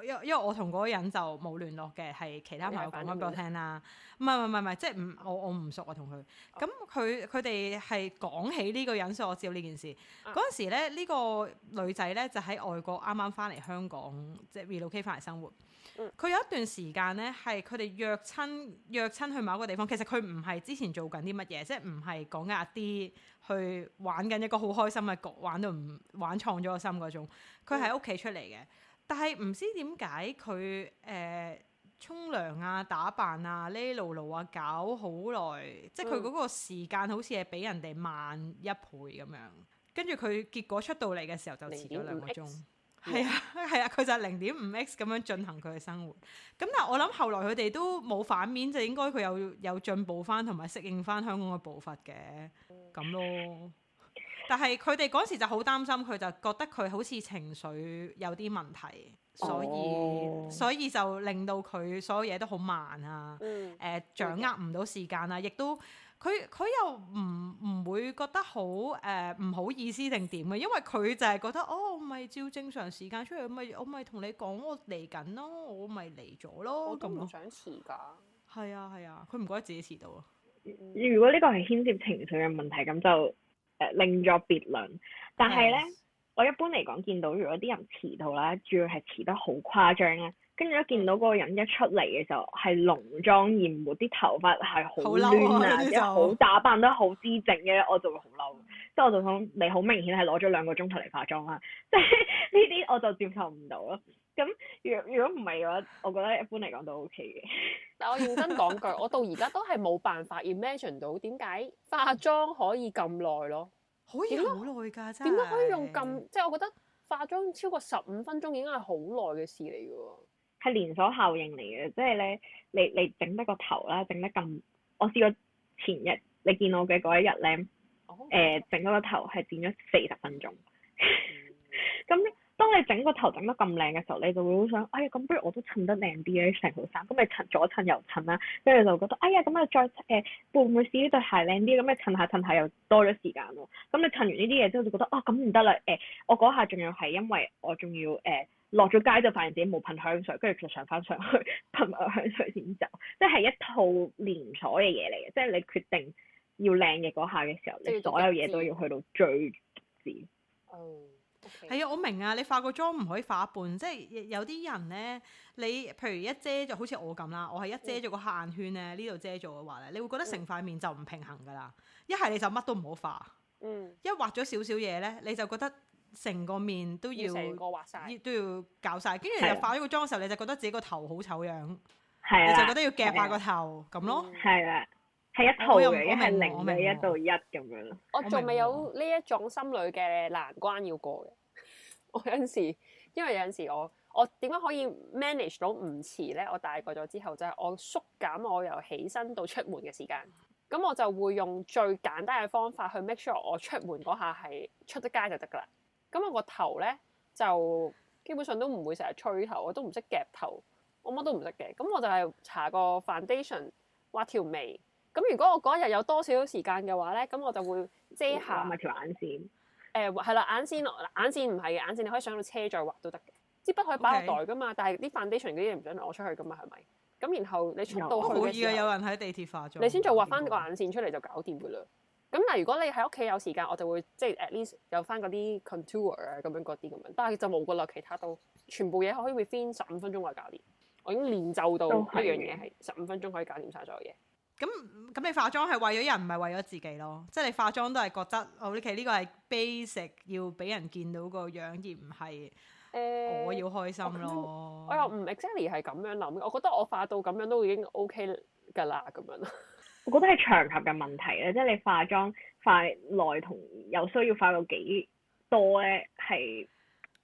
因因為我同嗰個人就冇聯絡嘅，係其他朋友講咗俾我聽啦。唔係唔係唔係，即係唔我我唔熟，我同佢。咁佢佢哋係講起呢個人，所以我知道呢件事。嗰陣、嗯、時咧，呢、呢個女仔咧就喺外國啱啱翻嚟香港，即係 relocate 翻嚟生活。佢、嗯、有一段時間咧，係佢哋約親約親去某一個地方。其實佢唔係之前做緊啲乜嘢，即係唔係講緊一啲去玩緊一個好開心嘅局，玩到唔玩創咗個心嗰種。佢喺屋企出嚟嘅。嗯但係唔知點解佢誒沖涼啊、打扮啊、呢路路啊，搞好耐，嗯、即係佢嗰個時間好似係比人哋慢一倍咁樣。跟住佢結果出到嚟嘅時候就遲咗兩個鐘，係啊係啊，佢 *laughs* *laughs* 就係零點五 X 咁樣進行佢嘅生活。咁、嗯、但係我諗後來佢哋都冇反面，就應該佢有有進步翻同埋適應翻香港嘅步伐嘅，咁、嗯、咯。但係佢哋嗰時就好擔心，佢就覺得佢好似情緒有啲問題，所以、哦、所以就令到佢所有嘢都好慢啊，誒、嗯、掌握唔到時間啊，亦、嗯、都佢佢又唔唔會覺得好誒唔好意思定點啊？因為佢就係覺得哦，咪照正常時間出去，咪我咪同你講我嚟緊咯，我咪嚟咗咯，咁咯。想遲㗎？係啊係啊，佢唔覺得自己遲到啊？如果呢個係牽涉情緒嘅問題，咁就。誒、呃、另作別論，但係咧，Okay. 我一般嚟講見到如果啲人遲到咧，主要係遲得好誇張咧，跟住一見到嗰個人一出嚟嘅時候係濃妝豔抹，啲頭髮係好亂啊，又好、啊、打扮得好姿整嘅，我就會好嬲，即係我就想你好明顯係攞咗兩個鐘頭嚟化妝啦、啊，即係呢啲我就接受唔到咯。咁若如果唔係嘅話，我覺得一般嚟講都 O K 嘅。 *laughs* 但我認真講句，我到而家都係冇辦法 imagine 到點解化妝可以咁耐咯？可以好耐㗎，點 *noise* 解樂 *music* 可以用咁？即係 *music* 我覺得化妝超過十五分鐘已經係好耐嘅事嚟㗎喎。係 *music* 連鎖效應嚟嘅，即係咧，你你整得個頭啦，整得咁，我試過前日你見我嘅嗰一日咧，誒整咗個頭係整咗四十分鐘，咁、 *laughs* 嗯。當你整個頭整得咁靚嘅時候，你就會好想，哎呀咁，不如我都襯得靚啲咧，成套衫咁你襯左襯右襯啦、啊，跟住就覺得，哎呀咁啊再誒、呃、會唔會試呢對鞋靚啲？咁咪襯，襯下襯下又多咗時間喎。咁你襯完呢啲嘢之後就覺得，哦，咁唔得啦，誒、呃、我嗰下仲要係因為我仲要誒落咗街就發現自己冇噴香水，跟住就上翻上去噴下香水先走，即係一套連鎖嘅嘢嚟嘅。即係你決定要靚嘅嗰下嘅時候，你所有嘢都要去到最盡。嗯。係啊 Okay.、哎，我明啊，你化個妝唔可以化一半，即係有啲人咧，你譬如一遮就好似我咁啦，我係一遮咗個黑眼圈咧，呢度、嗯、遮咗嘅話咧，你會覺得成塊面就唔平衡噶啦。一係你就乜都唔好化，嗯、一畫咗少少嘢咧，你就覺得成個面都要，要個都要搞晒，跟住就化咗個妝嘅時候，你就覺得自己個頭好醜樣，係的你就覺得要夾翻個頭咁的咯，係啦。係一套用，嘅，一係零，一到一咁樣咯。我仲未有呢一種心裏嘅難關要過嘅。 *laughs* 我有陣時，因為有陣時我我點解可以 manage 到唔遲咧？我大個咗之後就係我縮減我由起身到出門嘅時間。咁我就會用最簡單嘅方法去 make sure 我出門嗰下係出得街就得噶啦。咁我個頭咧就基本上都唔會成日吹頭，我都唔識夾頭，我乜都唔識嘅。咁我就係搽個 foundation 畫條眉。咁如果我嗰日有多少時間嘅話咧，咁我就會遮下埋條眼線。誒、呃，係啦，眼線，眼線唔係嘅眼線，你可以上到車再畫都得嘅。支筆可以擺入袋噶嘛？Okay. 但係啲 foundation 嗰啲嘢唔准攞出去噶嘛？係咪？咁然後你坐到可以啊！有人喺地鐵化妝，你先做畫翻個眼線出嚟就搞掂噶啦。咁嗱、嗯，但如果你喺屋企有時間，我就會即係 at least 有翻嗰啲 contour 啊，咁樣嗰啲咁樣，但係就冇噶啦，其他都全部嘢可以 within 十五分鐘我搞掂。我已經練就到一樣嘢係十五分鐘可以搞掂晒所有嘢。咁咁你化妝係為咗人唔係為咗自己咯，即係你化妝都係覺得我哋其實呢個係 basic 要俾人見到個樣而唔係誒，我要開心咯。欸、我，我又唔 exactly 係咁樣諗，我覺得我化到咁樣都已經 OK 㗎啦咁樣。我覺得係場合嘅問題咧，即係你化妝快耐同又需要化到幾多咧係。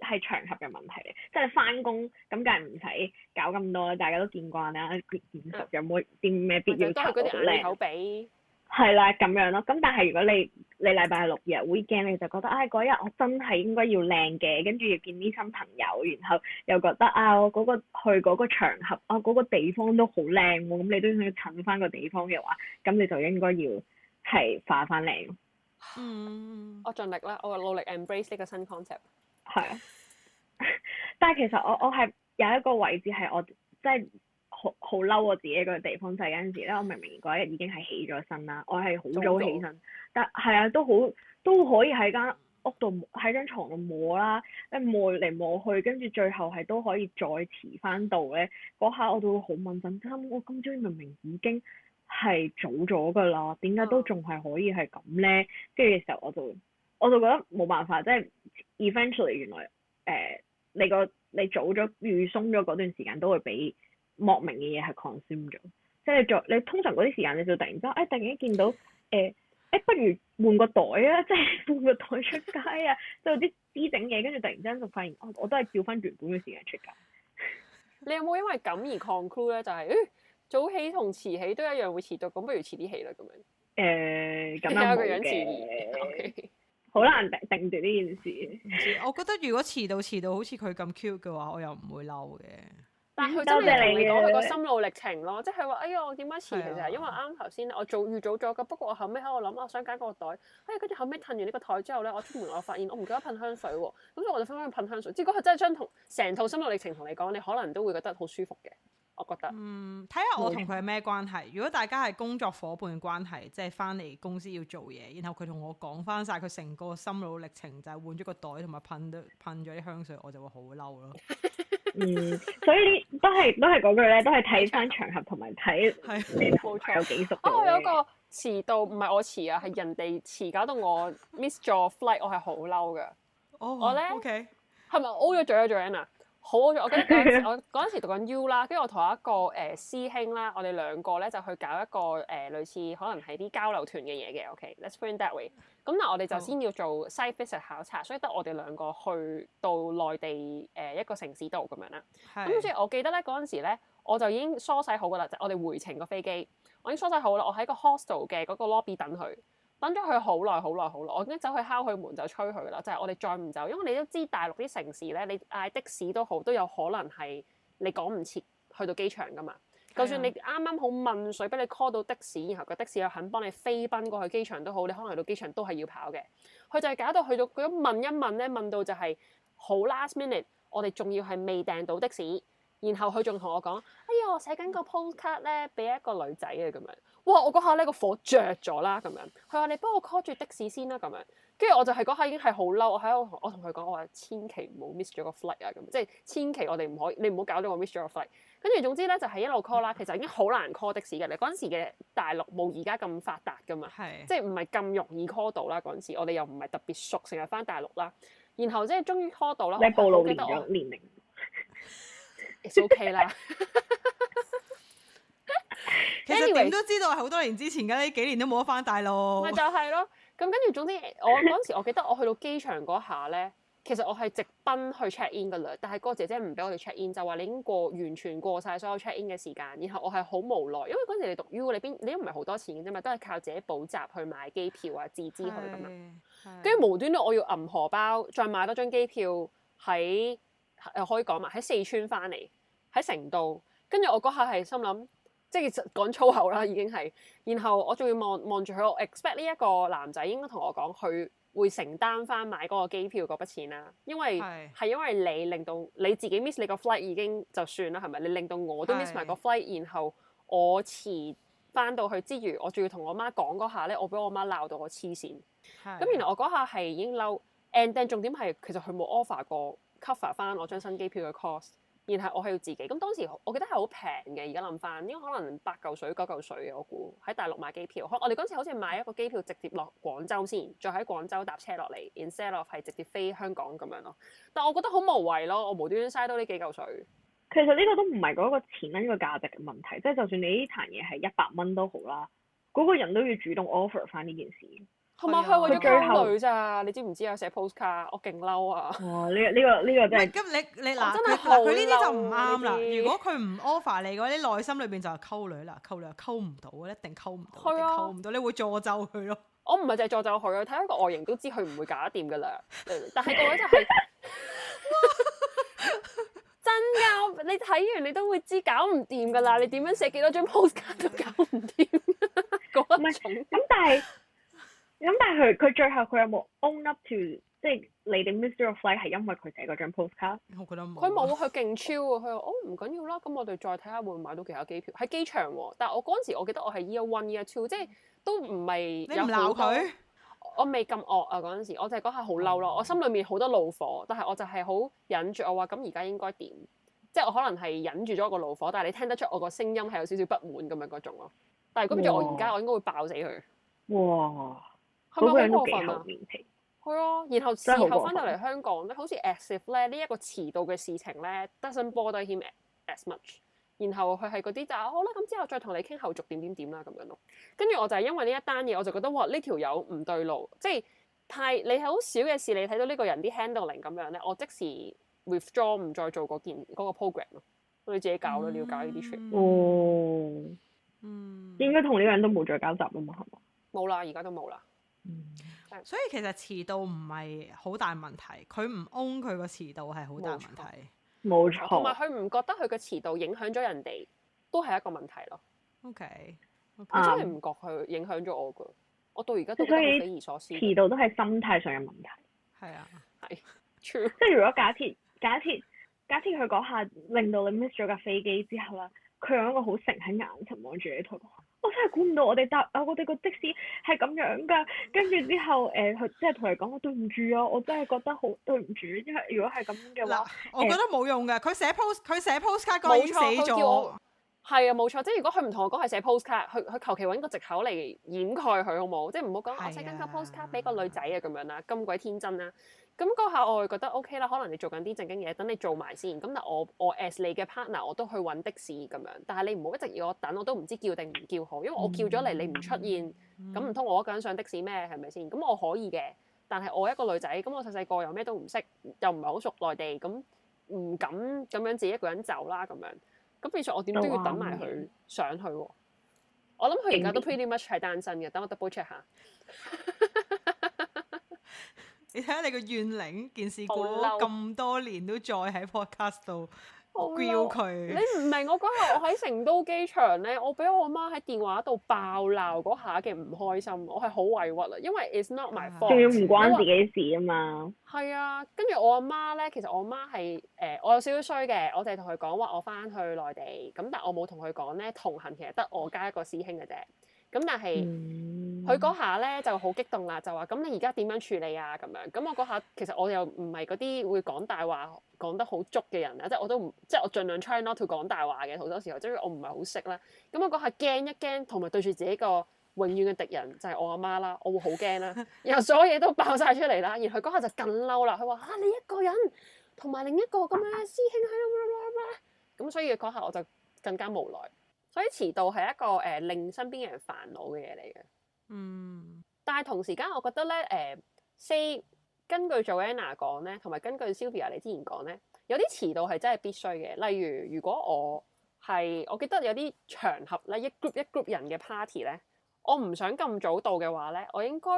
係場合嘅問題嘅，即係翻工咁梗係唔使搞咁多啦，大家都見慣啦。見面熟有冇啲咩必要出好靚？係啦，咁樣咯。咁但係如果你你禮拜六日會驚，你就覺得唉嗰日我真係應該要靚嘅，跟住要見啲新朋友，然後又覺得啊，我嗰個去嗰個場合啊嗰個地方都好靚喎，咁你都要襯翻個地方嘅話，咁你就應該要係化翻靚。嗯，我盡力啦，我努力 embrace 呢個新 concept。係啊， *laughs* 但係其實我我係有一個位置係我即係好好嬲我自己嘅地方，就係嗰陣時咧，我明明嗰日已經係起咗身啦，我係好早起身，上但係啊，都好都可以喺間屋度喺張床度摸啦，即係摸嚟摸去，跟住最後係都可以再遲翻到咧，嗰下我都會好忟憎，我今朝明明已經係早咗噶啦，點解都仲係可以係咁咧？跟住嘅時候我就我就覺得冇辦法，即係。Eventually 原來誒、呃、你個你早咗預鬆咗嗰段時間都會俾莫名嘅嘢係 consume 咗，即係做你通常嗰啲時間你就突然之間、哎、突然間見到誒誒、呃哎、不如換個袋啊，即係換個袋出街啊，都有啲啲整嘢，跟住突然之間就發現我、哦、我都係照翻原本嘅時間出街。你有冇因為咁而 conclude 咧？就係、是哎、早起同遲起都一樣會遲到，咁不如遲啲起啦咁樣。誒、呃，咁啱嘅。係啊，個樣遲啲。O K。.好難定定住呢件事。我覺得如果遲到遲到好似佢咁 cute 嘅話，我又唔會嬲嘅。但係佢真係同你講佢個心路歷程咯，即係話哎唷我點解遲其實係、啊、因為啱頭先我早預早咗㗎，不過我後尾喺度諗我想揀個，個袋。哎，跟住後尾褪完呢個袋之後咧，我出門，我發現我唔記得噴香水喎。咁所以我就翻返去噴香水。結果佢真係將同成套心路歷程同你講，你可能都會覺得好舒服嘅。我覺得嗯，睇下我同佢係咩關係。如果大家係工作伙伴關係，即係返嚟公司要做嘢，然後佢同我講返晒，佢成個心路歷程，就係換咗個袋同埋噴咗噴咗啲香水，我就會好嬲咯。 *laughs* *laughs* 嗯，所以呢都係都係嗰句咧，都係睇返場合同埋睇有幾熟。啊，我有個遲到，唔係我遲啊，係人哋遲，搞到我 *laughs* miss 咗 flight，我係好嬲噶。Oh, 我咧呢，係咪 over 咗嘴啊，Joana？好，我跟嗰我嗰陣時，我嗰陣時讀緊 U 啦，跟住我同一個誒、呃、師兄啦，我哋兩個咧就去搞一個誒、呃、類似可能係啲交流團嘅嘢嘅。O、okay, K，let's put in that way。咁嗱，我哋就先要做 site visit 考察，所以得我哋兩個去到內地誒、呃、一個城市度咁樣啦。咁即係我記得咧嗰陣時咧，我就已經梳洗好噶啦，就是、我哋回程個飛機，我已經梳洗好啦。我喺個 hostel 嘅嗰個 lobby 等佢。等咗佢好耐好耐好耐，我已經走去敲佢門，就催佢啦，就係、是、我哋再唔走，因為你都知大陸啲城市咧，你嗌的士都好，都有可能係你趕唔切去到機場噶嘛。就算你啱啱好問水，俾你 call 到的士，然後個的士又肯幫你飛奔過去機場都好，你可能去到機場都係要跑嘅。佢就係搞到去到佢問一問咧，問到就係、是、好 last minute，我哋仲要係未訂到的士。然後佢仲同我講：哎呀，我寫緊個 postcard 咧，俾一個女仔嘅咁樣。哇！我嗰下呢個火着咗啦，咁樣。佢話：你幫我 call 住的士先啦，咁樣。跟住我就係嗰下已經係好嬲，我喺度我同佢講：我話千祈唔好 miss 咗個 flight 啊，咁即係千祈我哋唔可以，你唔好搞到我 miss 咗個 flight。跟住總之咧就係、是、一路 call 啦，其實已經好難 call 的士嘅。你嗰陣時嘅大陸冇而家咁發達噶嘛，即係唔係咁容易 call 到啦嗰陣時。我哋又唔係特別熟，成日翻大陸啦。然後即係終於 call 到啦,你暴露年養年齡。It's OK 啦。你哋都知道係好多年之前㗎，呢幾年都冇得返大陸。咪 *laughs* 就係咯。咁跟住總之，我嗰陣時我記得我去到機場嗰下咧，其實我係直奔去 check in 嘅啦。但係個姐姐唔俾我哋 check in，就話你已經過完全過晒所有 check in 嘅時間。然後我係好無奈，因為嗰陣時你讀 U，你邊你都唔係好多錢嘅啫嘛，都係靠自己補習去買機票啊、自資去㗎嘛。跟住無端端我要揞荷包，再買多張機票喺。又可以講埋，喺四川翻嚟喺成都，跟住我嗰下係心諗，即係其實講粗口啦，已經係。然後我仲要望望住佢，expect 呢一個男仔應該同我講，佢會承擔翻買嗰個機票嗰筆錢啦，因為係是的 因為你令到你，你自己 miss 你個 flight 已經就算啦，係咪？你令到我都 miss 埋個 flight，< 是的 S 1> 然後我遲翻到去之餘，我仲要同我媽講嗰下咧，我俾我媽鬧到我黐線。咁原來我嗰下係已經嬲，and then 重點係其實佢冇 offer 過。cover 翻我張新機票嘅 cost，然後我係要自己。咁當時我記得係好平嘅，而家諗翻，應該可能八嚿水、九嚿水，我估喺大陸買機票，我哋嗰時好似買一個機票直接落廣州先，再喺廣州搭車落嚟，instead 落係直接飛香港咁樣咯。但我覺得好無謂咯，我無端端嘥多呢幾嚿水。其實呢個都唔係嗰個錢啦，呢個價值嘅問題。即係就算你呢談嘢係一百蚊都好啦，嗰個人都要主動 offer 翻呢件事。同埋佢為咗溝女咋？你知唔知啊？寫 postcard，我勁嬲啊！哇！呢呢個呢個真係咁你你嗱，真係，佢呢啲就唔啱啦。如果佢唔 offer 你嘅話，啲內心裏邊就係溝女啦，溝女溝唔到嘅，一定溝唔到，一定溝唔到。你會助咒佢咯。我唔係淨係助咒佢咯，睇下個外形都知佢唔會搞得掂嘅啦。但係嗰種就係真㗎，你睇完你都會知搞唔掂嘅啦。你點樣寫幾多張 postcard 都搞唔掂嗰一種。咁但係。咁但係佢，佢最後佢有冇 own up to 即係你哋 missed a flight 係因為佢寫嗰張 postcard？我覺得冇。佢冇，佢勁 chill 喎。佢話：哦唔緊要啦，咁我哋再睇下會唔會買到其他機票。喺機場喎，但係我嗰陣時我記得我係 year one year two，即係都唔係有好多。你唔鬧佢，啊？我未咁惡啊！嗰陣時我就係嗰下好嬲咯，我心裡面好多怒火，但係我就係好忍住。我話咁而家應該點？即係我可能係忍住咗個怒火，但係你聽得出我個聲音係有少少不滿咁樣嗰種咯。但係嗰邊就我而家我應該會爆死佢。哇！係咪好過分啊？係啊，然後事後翻到嚟香港咧，好似 as if 咧呢一個遲到嘅事情咧，doesn't bother him as much。然後佢係嗰啲就好啦，咁之後再同你傾後續點點點啦咁樣咯。跟住我就係因為呢一單嘢，我就覺得哇呢條友唔對路，即係太你係好少嘅事，你睇到呢個人啲 handling 咁樣咧，我即時 withdraw 唔再做個件嗰、嗰個 program 咯，你自己搞啦，瞭解呢啲嘢。哦、hmm. 嗯嗯，嗯，應該同呢個人都冇再交集啦嘛，係嘛？冇啦，而家都冇啦。嗯，所以其實遲到唔係好大問題，佢唔 own 佢個遲到係好大問題，冇錯。同埋佢唔覺得佢個遲到影響咗人哋，都係一個問題咯。OK，佢 okay. 真係唔覺佢影響咗我噶，我到而家都覺得匪夷所思。遲到都係心態上嘅問題，係啊，係即係如果假設，假設，假設佢嗰下令到你 miss 咗架飛機之後啦，佢用一個好誠喺眼神望住你睇。我真係估唔到我哋搭我我哋個的士係咁樣噶，跟住之後誒，佢即係同佢講，我、呃、對唔住啊，我真係覺得好對唔住啊，因為如果係咁嘅話，我覺得冇用嘅。佢寫、呃、post 佢寫 postcard 講錯死咗了，係啊，冇錯。即係如果佢唔同我講係寫 postcard，佢佢求其揾個藉口嚟掩蓋佢好冇，即係唔好講我寫張卡 postcard 俾個女仔啊咁樣啦，咁鬼天真啊。咁嗰下我會覺得 OK 啦，OK，可能你做緊啲正經嘢，等你做埋先。咁但我我 as 你嘅 partner，我都去揾的士咁樣。但係你唔好一直要我等，我都唔知叫定唔叫好，因為我叫咗嚟你唔出現，咁唔通我一個人上的士咩？係咪先？咁我可以嘅，但係我一個女仔，咁我細細個又咩都唔識，又唔係好熟內地，咁唔敢咁樣自己一個人走啦咁樣。咁變相我點都要等埋佢上去喎。我諗佢而家都 pretty much 係單身嘅，等我 double check 下。 *laughs* 你睇下你個怨靈件事，過咁多年都再喺 podcast 度我 l u e 佢。他你唔明我嗰下，我喺成都機場咧， *laughs* 我俾我阿媽喺電話度爆鬧嗰下嘅唔開心，我係好委屈啦，因為 it's not my fault，啊。唔關自己事啊嘛。係啊，跟住我阿媽咧，其實我阿媽係誒、呃，我有少少衰嘅，我就係同佢講話，我翻去內地，咁但我冇同佢講咧，同行其實得我加一個師兄嘅啫。咁但係佢嗰下咧就好激動啦，就話：咁、嗯、你而家點樣處理啊？咁樣咁我嗰下其實我又唔係嗰啲會講大話講得好足嘅人啊、就是，即係我都唔即係我盡量 try not to 講大話嘅，好多時候，即係我唔係好識啦。咁我嗰下驚一驚，同埋對住自己個永遠嘅敵人就係、是、我阿媽啦，我會好驚啦，然後所有嘢都爆晒出嚟啦。然後佢嗰下就更嬲啦，佢話：嚇、啊、你一個人同埋另一個咁樣師兄喺度咁，所以嗰下我就更加無奈。所以遲到係一個誒、呃、令身邊嘅人煩惱嘅嘢嚟嘅。嗯，但係同時間我覺得咧，誒、呃、四根據 Joana 講咧，同埋根據 Sylvia 你之前講咧，有啲遲到係真係必須嘅。例如如果我係我記得有啲場合咧，一 group 一 group 人嘅 party 咧，我唔想咁早到嘅話咧，我應該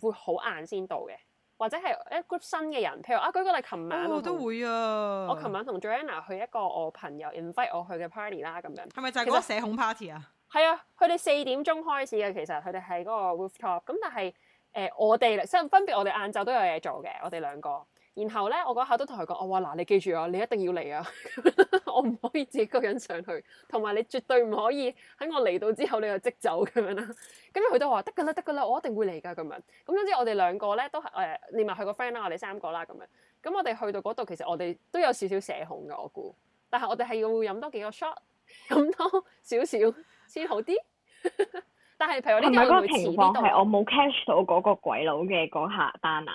會好晏先到嘅。或者係一 group 新嘅人，譬如啊，舉個例，琴晚、哦、我都會啊，我琴晚同 Joana 去一個我朋友 invite 我去嘅 party 啦，咁樣。係咪就係嗰個社恐 party 啊？係啊，佢哋四點鐘開始嘅，其實佢哋喺嗰個 roof top，咁但係誒、呃、我哋，即係分別我哋晏晝都有嘢做嘅，我哋兩個。然後咧，我嗰下都同佢講，我話嗱，你記住啊，你一定要嚟啊， *laughs* 我唔可以自己一個人上去，同埋你絕對唔可以喺我嚟到之後你就即走咁樣啦。咁 *laughs* 佢都話得㗎啦，得㗎啦，我一定會嚟㗎咁樣。咁總之我哋兩個咧都係誒、哎，連埋佢個 friend 啦，我哋三個啦咁樣。咁我哋去到嗰度，其實我哋都有少少社恐㗎，我估。但係我哋係要飲多幾個 shot，飲多少少先好啲。 *laughs* 但係譬如呢啲，唔係嗰個情況係我冇 catch 到嗰個鬼佬嘅嗰下單難。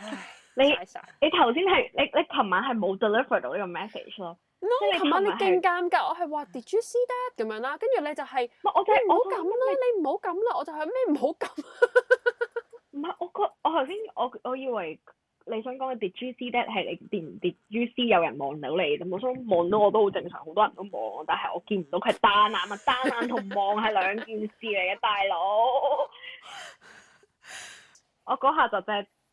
*laughs* 你你頭先係你你琴晚係冇 deliver 到呢個 message 咯，no, 你琴晚，晚你勁尷尬，我係話 Did you see that 咁樣，就是，樣啦，跟住你就係唔好咁啦，你唔好咁啦，你我就係咩唔好咁？唔係我個我頭先我我以為你想講嘅 Did you see that 係你見唔見？Did you see 有人望到你，冇想望到我都好正常，好多人都望，但係我見唔到佢係單眼啊， *laughs* 單眼同望係兩件事嚟嘅，大佬。 *laughs* 我嗰下就即係。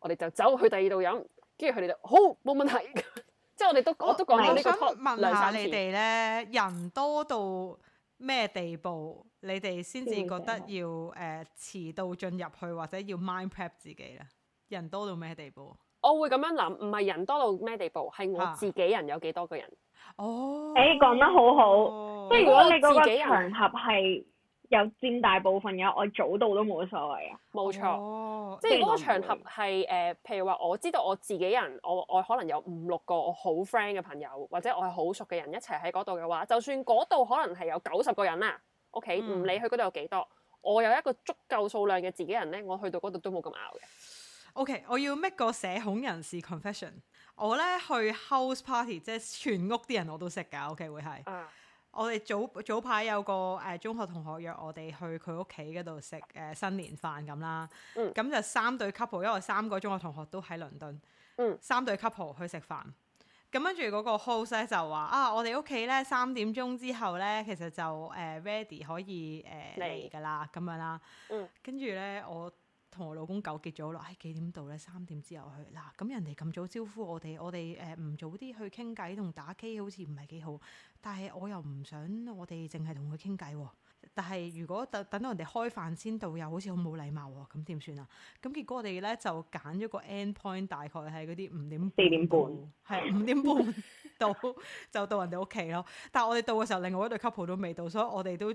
我哋就走去第二度飲，跟住佢哋就好冇問題。 *laughs* 即係我哋都我都講咗呢個 topic 兩三次。我想問下你哋咧，人多到咩地步，你哋先至覺得要誒、呃、遲到進入去或者要 mind prep 自己啦？人多到咩地步？我會咁樣諗，唔係人多到咩地步，係我自己人有幾多個人。啊 oh, 哎、哦，誒講得好好，即係如果你嗰個場人合係。有佔大部分嘅，我早到都冇乜所謂啊！冇錯，哦、即係嗰個場合係誒、呃，譬如話我知道我自己人，我我可能有五六個我好 friend 嘅朋友，或者我係好熟嘅人一齊喺嗰度嘅話，就算嗰度可能係有九十個人啦、嗯、OK，唔理去嗰度有幾多，我有一個足夠數量嘅自己人咧，我去到嗰度都冇咁拗嘅。OK，我要 make 個社恐人士 confession，我咧去 house party，即係全屋啲人我都識㗎，OK 會係。嗯我哋早早排有個誒、呃、中學同學約我哋去佢屋企嗰度食誒新年飯咁啦，咁、嗯、就三對 couple，因為三個中學同學都喺倫敦，嗯、三對 couple 去食飯。咁跟住嗰個 host 咧就話啊，我哋屋企咧三點鐘之後咧，其實就誒、呃、ready 可以誒嚟噶啦，咁、呃、你樣啦。跟住咧我同我老公糾結咗咯，誒、哎、幾點到咧？三點之後去嗱，咁人哋咁早招呼我哋，我哋誒唔早啲去傾偈同打機好似唔係幾好，但係我又唔想我哋淨係同佢傾偈喎。但係如果等等到人哋開飯先到，又好似好冇禮貌喎，咁點算啊？咁結果我哋咧就揀咗個 end point，大概係嗰啲五點四點半，係五點半,點半 *laughs* 到就到人哋屋企咯。但係我哋到嘅時候，另外一對 couple 都未到，所以我哋都。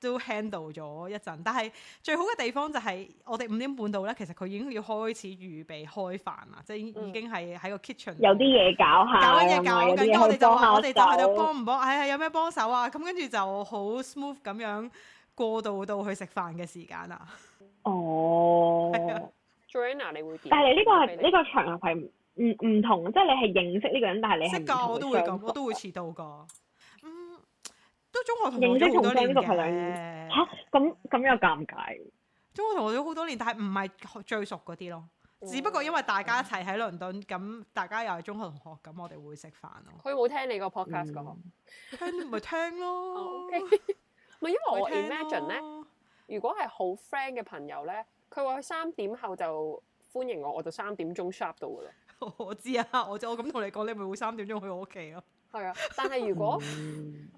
都 handle 咗一陣，但係最好嘅地方就係我哋五點半到咧，其實佢已經要開始預備開飯啦，嗯、即係已經係喺個 kitchen 有啲嘢搞一下，搞緊嘢搞緊，跟我哋就我哋就喺度幫唔幫？係、哎、有咩幫手啊？咁跟住就好 smooth 咁樣過渡到去食飯嘅時間啊！哦，Joana， *laughs* 你會？但係呢個呢個場合係唔唔同，即係你係認識呢個人，但係你識㗎，我都會咁，我都會遲到㗎。都中學同學咗好多年嘅，嚇咁咁又尷尬。中學同學咗好多年，但係唔係最熟嗰啲咯，哦、只不過因為大家一齊喺倫敦，咁、嗯、大家又係中學同學，咁我哋會食飯咯。佢冇聽你個 podcast 講、嗯，聽咪 *laughs* 聽咯。唔係、oh, okay. *laughs* 因為我 imagine 咧，如果係好 friend 嘅朋友咧，佢話佢三點後就歡迎我，我就三點鐘 shop 到噶啦 *laughs* 我知啊，我知，我咁同你講，你咪會三點鐘去我屋企咯。係啊，但係如果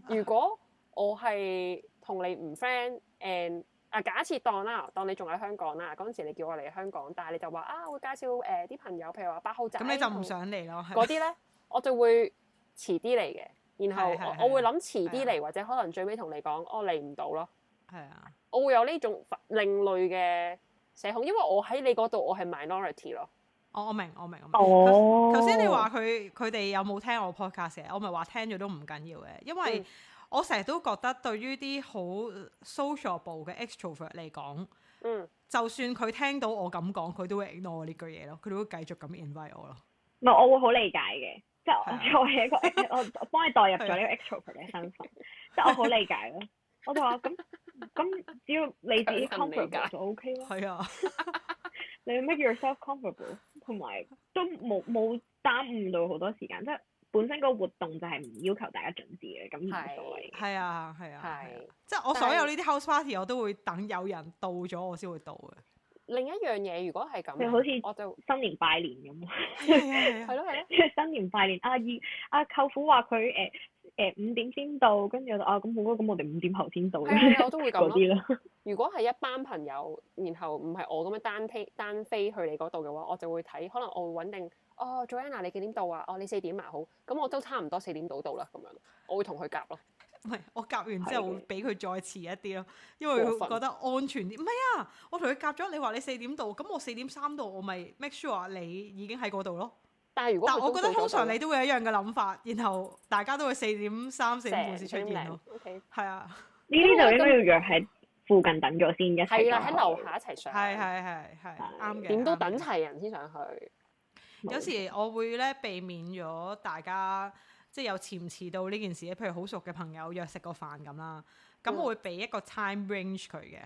如果。如果我係同你唔 friend，誒啊假設當啦，當你仲喺香港啦，嗰陣時你叫我嚟香港，但係你就話啊會介紹誒啲、呃、朋友，譬如話八號仔，咁你就唔想嚟咯。嗰啲咧， *laughs* 我就會遲啲嚟嘅，然後我是是是是是我會諗遲啲嚟，的或者可能最尾同你講我嚟唔到咯。係啊的，我會有呢種另類嘅社恐，因為我喺你嗰度，我係 minority 咯、哦。我明我明我明我明。頭先、哦、你話佢佢哋有冇聽我 podcast？我咪話聽咗都唔緊要嘅，因為。嗯我成日都覺得對於啲好 sociable 嘅 extrovert 嚟講，嗯，就算佢聽到我咁講，佢都會 ignore 我呢句嘢咯，佢都會繼續咁 invite 我咯、嗯。唔係，我會好理解嘅，即係我係一個我 *laughs* 我幫你代入咗呢個 extrovert 嘅身份， *laughs* 即係我好理解咯。我就話咁咁，只要你自己 comfortable 就 OK 咯。係啊。 *laughs* *laughs* 你 make yourself comfortable，同埋都冇冇耽誤到好多時間，即係。本身個活動就係唔要求大家準時嘅，咁冇所謂。係啊係啊，即係我所有呢啲 house party，我都會等有人到咗我先會到嘅。另一樣嘢，如果係咁，就好似我就新年拜年咁，係係係，係咯係咯，即係、啊啊啊、新年拜年，阿姨阿舅父話佢誒。呃誒五點先到，跟住我話啊，咁好，咁我哋五點後先到我啦，嗰啲啦。如果係一班朋友，然後唔係我咁樣單單飛去你嗰度嘅話，我就會睇，可能我會穩定哦，Joana 你幾點到啊？哦，你四點啊，好，咁我都差唔多四點到到啦，咁樣我會同佢夾咯，唔係我夾完之後會俾佢再遲一啲咯，因為佢覺得安全啲。唔係分啊，我同佢夾咗，你話你四點到，咁我四點三到，我咪 make sure 你已經喺嗰度咯。但係如果，但我覺得通常你都會有一樣嘅諗法，嗯、然後大家都會四點三、四點半先出現咯。O K，係啊。呢呢度應該要約喺附近等咗先嘅，齊。係啦，喺樓下一齊上。係係係係，啱嘅。點的都等齊人先上去。的有時我會咧避免咗大家即係有遲唔遲到呢件事咧，譬如好熟嘅朋友約食個飯咁啦，咁我會俾一個 time range 佢嘅，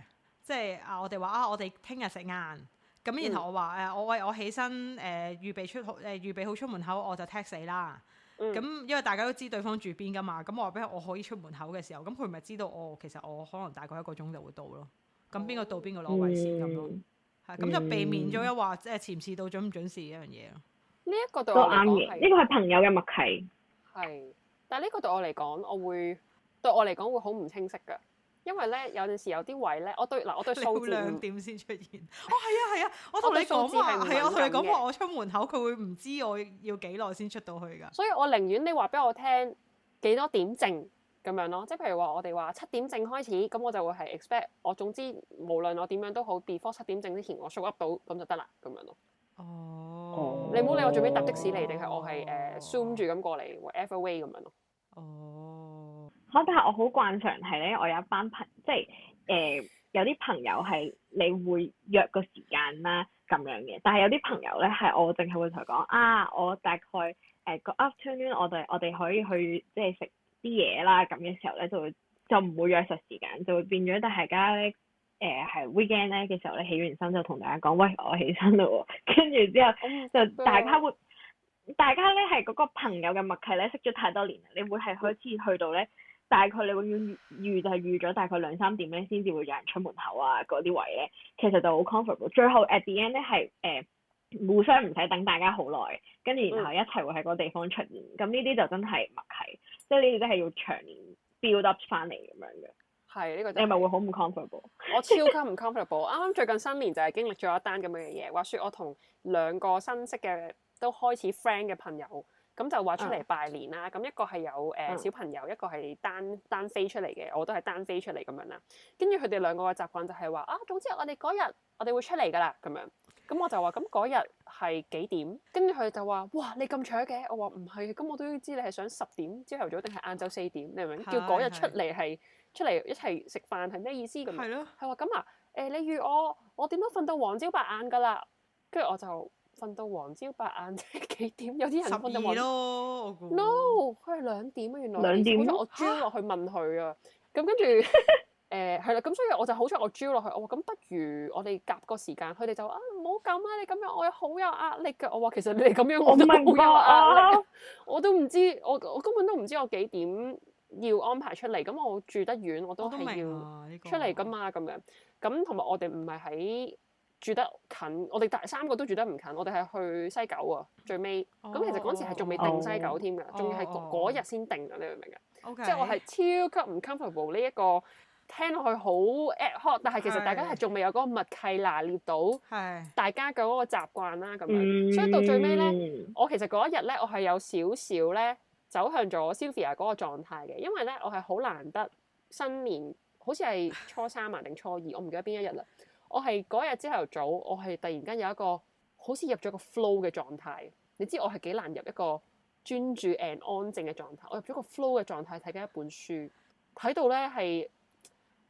即係啊我哋話啊我哋聽日食晏。咁、嗯、然後我話誒我喂我起身誒預備出誒預、呃、備，備好出門口我就踢死啦。咁、嗯、因為大家都知對方住邊噶嘛，咁我話俾我可以出門口嘅時候，咁佢咪知道我、哦、其實我可能大概一個鐘就會到咯。咁邊個到邊個攞位先咁咯，係咁、嗯嗯、就避免咗一話即係遲遲到準唔準時一樣嘢咯。呢一個對我啱嘅，呢、這個係朋友嘅默契。係，但係呢個對我嚟講，我會對我嚟講會好唔清晰嘅。因為咧，有陣時有啲位咧，我對嗱，我對數字會兩點先出現。哦，係啊，係啊，我同你講話係，我同你講話，我出門口佢會唔知我要幾耐先出到去噶。所以我寧願你話俾我聽幾多點正咁樣咯，即係譬如話我哋話七點正開始，咁我就會係 expect 我總之無論我點樣都好，before 七點正之前我 show up 到咁就得啦，咁樣咯。哦。Oh, oh, 你唔好理我最屘搭的士嚟定係我係誒 zoom 住咁過嚟，whatever way 咁樣咯。哦。Oh, oh, 啊！但係我好慣常係咧，我有一班朋友，即係誒、呃、有啲朋友係你會約個時間啦咁樣嘅。但係有啲朋友咧係我淨係會同佢講啊，我大概誒個 afternoon 我哋我哋可以去即係食啲嘢啦咁嘅時候咧，就會就唔會約實時間，就會變咗。但、呃、係而家咧誒係 weekend 咧嘅時候咧，起完身就同大家講：喂，我起身嘞喎！跟住之後就大家會、嗯、大家咧係嗰個朋友嘅默契咧，識咗太多年你會係開始去到咧。嗯大概你會預就係、是、預咗大概兩三點咧，先至會有人出門口啊，嗰啲位咧，其實就好 comfortable。最後 at the end 咧係誒互相唔使等大家好耐，跟住然後一齊會喺嗰地方出現。咁呢啲就真係默契，即係呢啲真係要長年 build up 翻嚟咁樣嘅。係呢、呢個真你係咪會好唔 comfortable？我超級唔 comfortable。啱啱 *laughs* 最近新年就係經歷咗一單咁樣嘅嘢，話説我同兩個新識嘅都開始 friend 嘅朋友。咁就話出嚟拜年啦，咁、uh. 一個係有誒、呃、小朋友，一個係單單飛出嚟嘅，我都係單飛出嚟咁樣啦。跟住佢哋兩個嘅習慣就係話啊，總之我哋嗰日我哋會出嚟㗎啦，咁樣。咁、嗯、我就話咁嗰日係幾點？跟住佢就話哇，你咁早嘅？我話唔係，咁我都知你係想十點朝頭早定係晏晝四點，你明唔明？的叫嗰日出嚟係出嚟一齊食飯係咩意思咁？係咯的。佢話咁啊，誒、呃、你預我，我點都瞓到黃朝白晏㗎啦。跟住我就。瞓到黃朝白晏，即係幾點？有啲人瞓到黃朝。十二囉，no，佢係兩點啊，原來。兩點。好彩我追落去問佢啊，咁蛤跟住誒係啦，咁、 *laughs* 呃、所以我就好彩我追落去，我話咁不如我哋夾個時間，佢哋就話啊唔好咁啊，你咁樣我好有壓力㗎，我話其實你咁樣我都冇有，有壓力，我都唔知我我根本都唔知我幾點要安排出嚟，咁我住得遠我都係要出嚟噶嘛，咁樣咁同埋我哋唔係喺。住得近，我哋大三個都住得唔近。我哋係去西九啊，最尾。咁、oh, 其實嗰陣時係仲未定西九添嘅，仲要係嗰日先定嘅，你明唔明啊？OK，即係我係超級唔 comfortable 呢一個，聽落去好 ad hoc，但係其實大家係仲未有嗰個默契拿捏到，係大家嘅嗰個習慣啦，咁樣。Oh, oh, oh, oh, oh. 所以到最尾咧，我其實嗰一日咧，我係有少少咧走向咗 Sylvia 嗰個狀態嘅，因為咧我係好難得新年，好似係初三啊定初二，我唔記得邊一日啦。我係嗰日朝頭早，我係突然間有一個好似入咗個 flow 嘅狀態。你知我係幾難入一個專注 and 安靜嘅狀態，我入咗個 flow 嘅狀態睇緊一本書，睇到咧係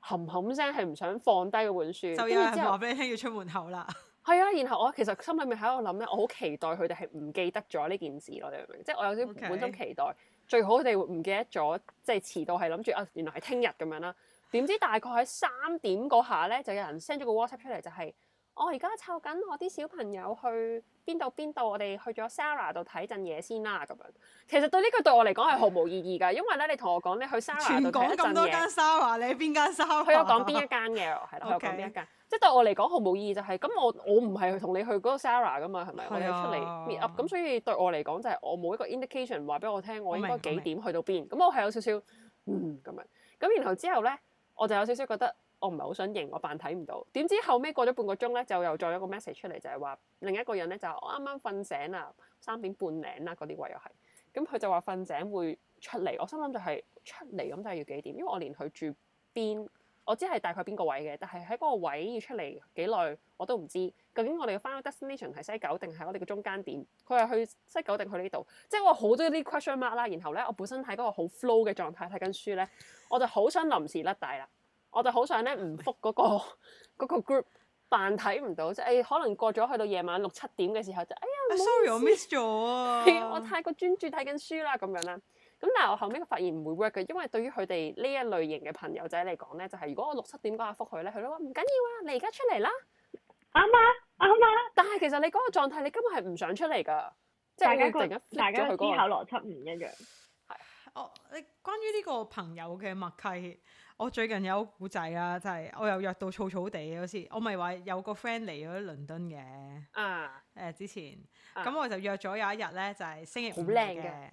冚冚聲，係唔想放低嗰本書。就有然之後，話俾你聽要出門口啦。係 *laughs* 啊，然後我其實心裡面喺度諗咧，我好期待佢哋係唔記得咗呢件事咯，你明唔明？即係我有啲滿心期待，Okay. 最好佢哋唔記得咗，即係遲到係諗住啊，原來係聽日咁樣啦。點知大概喺三點嗰下咧，就有人 send 咗個 WhatsApp 出嚟，就係、是哦、我而家湊緊我啲小朋友去邊度邊度，我哋去咗 Sarah 度睇陣嘢先啦咁樣。其實對呢個對我嚟講係毫無意義㗎，因為咧你同我講你去 Sarah 度睇陣嘢，講咁多間 Sarah，你邊間 Sarah？佢有講邊一間嘅，係啦，佢有講邊一間，即係對我嚟講毫無意義就係、是、咁。我我唔係同你去嗰個 Sarah 㗎嘛，係咪？啊、我哋出嚟 meet up，咁所以對我嚟講就係我冇一個 indication 話俾我聽，我應該幾點去到邊。咁我係有少少嗯咁樣。咁然後之後咧。我就有少少覺得我唔係好想認，我扮睇唔到。點知後尾過咗半個鐘咧，就又再一個 message 出嚟，就係話另一個人咧，就我啱啱瞓醒啦，三點半零啦，嗰啲位又係咁，佢就話瞓醒會出嚟。我心諗就係出嚟咁，就係要幾點？因為我連佢住邊。我知係大概邊個位嘅，但係喺嗰個位要出嚟幾耐我都唔知。究竟我哋嘅 Final Destination 係西九定係我哋嘅中間點？佢係去西九定去呢度？即係我好鍾意啲 question mark 啦。然後咧，我本身喺嗰個好 flow 嘅狀態睇緊書咧，我就好想臨時甩底啦，我就好想咧唔覆嗰個 group，扮睇唔到。即係可能過咗去到夜晚六七點嘅時候就，哎呀，sorry，我 miss 咗啊，我太過專注睇緊書啦，咁樣啦。咁但係我後尾發現唔會 work 嘅，因為對於佢哋呢一類型嘅朋友仔嚟講咧，就係、是、如果我六七點嗰下覆佢咧，佢都話唔緊要啊，你而家出嚟啦，啱啊，啱啊。但係其實你嗰個狀態，你根本係唔想出嚟噶，即係大家、那個、大家思考邏輯唔一樣。係，哦，呢關於呢個朋友嘅默契，我最近有個故仔啊，就係、是、我又約到草草地好似我咪話有個 friend 嚟咗倫敦嘅，啊，誒、呃、之前，咁、啊、我就約咗有一日咧，就係、是、星期五嘅。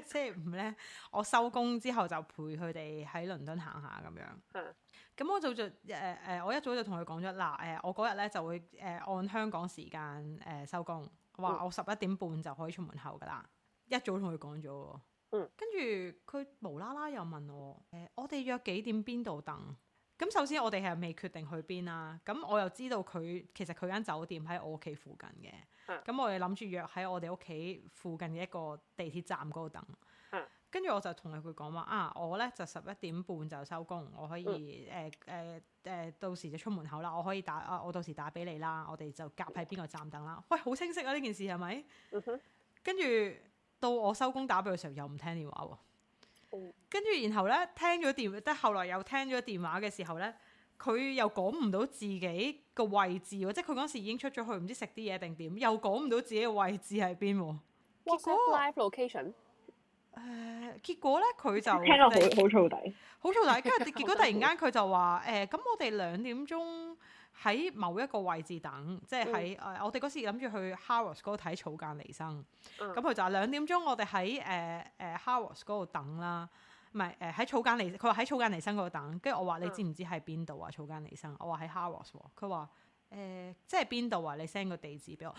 即係唔咧，我收工之後就陪佢哋喺倫敦行下咁樣。嗯，咁我就就誒誒，我一早就同佢講咗啦。誒、呃，我嗰日咧就會誒、呃、按香港時間誒收工，話、呃、我十一點半就可以出門口噶啦。一早同佢講咗。嗯，跟住佢無啦啦又問我，誒、呃，我哋約幾點邊度等？咁首先我哋係未決定去邊啦，咁我又知道佢其實佢間酒店喺我屋企附近嘅，咁、啊、我哋諗住約喺我哋屋企附近嘅一個地鐵站嗰度等。跟住、啊、我就同佢講話啊，我呢就十一點半就收工，我可以誒誒誒到時就出門口啦，我可以打啊，我到時打俾你啦，我哋就夾喺邊個站等啦。喂，好清晰啊呢件事係咪？跟住、嗯、哼到我收工打俾佢嘅時候又唔聽電話喎。跟住，嗯、然後咧，聽咗電話，但係後來又聽咗電話嘅時候咧，佢又講唔到自己個位置喎，即係佢嗰時已經出咗去，唔知食啲嘢定點，又講唔到自己嘅位置喺邊。Live location，結果，誒、呃，結果咧，佢就聽落好好燥底，好燥底，跟住結果突然間佢就話誒，咁、 *laughs* 欸、我哋兩點鐘，喺某一個位置等，即係喺誒，我哋嗰時諗住去 Harrods 嗰度睇草間彌生，咁佢就係兩點鐘我，我、呃、哋喺、呃、誒誒 Harrods 嗰度等啦，唔係誒喺草間彌，佢話喺草間彌生嗰度等，跟住我話你知唔知喺邊度啊？草間彌生，我話喺 Harrods 佢話誒、呃、即係邊度啊？你 send 個地址俾我。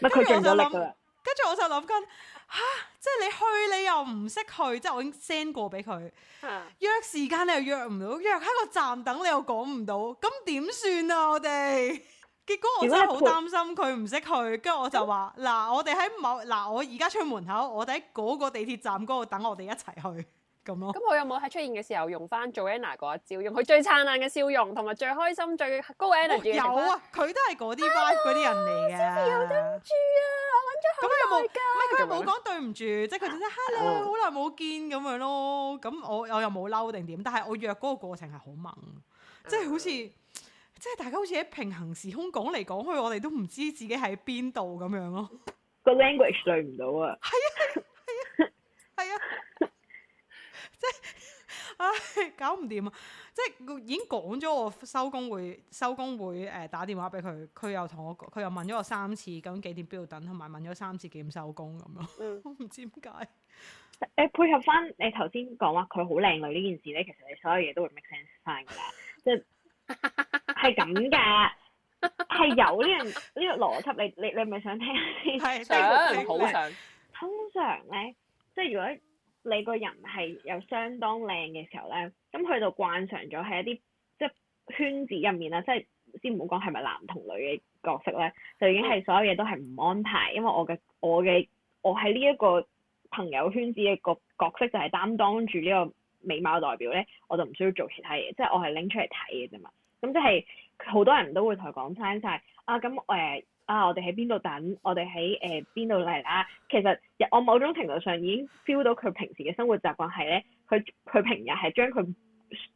佢勁叻㗎！跟住我就諗緊，嚇、啊，即係你去你又唔識去，即係我已經 send 過俾佢，啊、約時間你又約唔到，約喺個站等你又講唔到，咁點算啊？我哋，結果我真係好擔心佢唔識去，跟住我就話，嗱，我哋喺某，嗱，我而家出門口，我哋喺嗰個地鐵站嗰度等，我哋一齊去。咁咯，咁我、嗯、有冇喺出現嘅時候用翻 Joana 嗰一招，用佢最燦爛嘅笑容同埋最開心最高 energy？、哦、有啊，佢都係嗰啲 vibe 嗰啲人嚟嘅。咁、啊啊、有冇？唔係佢又冇講對唔住，即係佢就係 hello，好耐冇見咁樣咯。咁我我又冇嬲定點？但係我約嗰個過程係、嗯、好猛，即係好似即係大家好似喺平行時空講嚟講去，我哋都唔知自己喺邊度咁樣咯。個 language 對唔到啊。啊啊啊啊啊唉、哎，搞唔掂啊！即係已經講咗我收工會收工會，誒打電話俾佢，佢又同我佢又問咗我三次，咁幾點邊度等，同埋問咗三次幾點收工咁樣。我 *laughs* 唔知點解。誒、嗯呃，配合翻你頭先講話佢好靚女呢件事咧，其實你所有嘢都會 make sense 翻嘅啦。即係係咁嘅，係有呢樣呢個邏輯、這個。你你你係咪想聽？係想，好想常。通常咧，即係如果。你個人係有相當靚嘅時候咧，咁佢就慣常咗喺一啲即係圈子入面啦，即係先唔好講係咪男同女嘅角色咧，就已經係所有嘢都係唔安排，因為我嘅我嘅我喺呢一個朋友圈子嘅個角色就係擔當住呢個美貌代表咧，我就唔需要做其他嘢，即係我係拎出嚟睇嘅啫嘛。咁即係好多人都會同佢講返曬啊，咁誒。呃啊！我哋喺邊度等？我哋喺誒邊度嚟啦？其實，我某種程度上已經 feel 到佢平時嘅生活習慣係咧，佢佢平日係將佢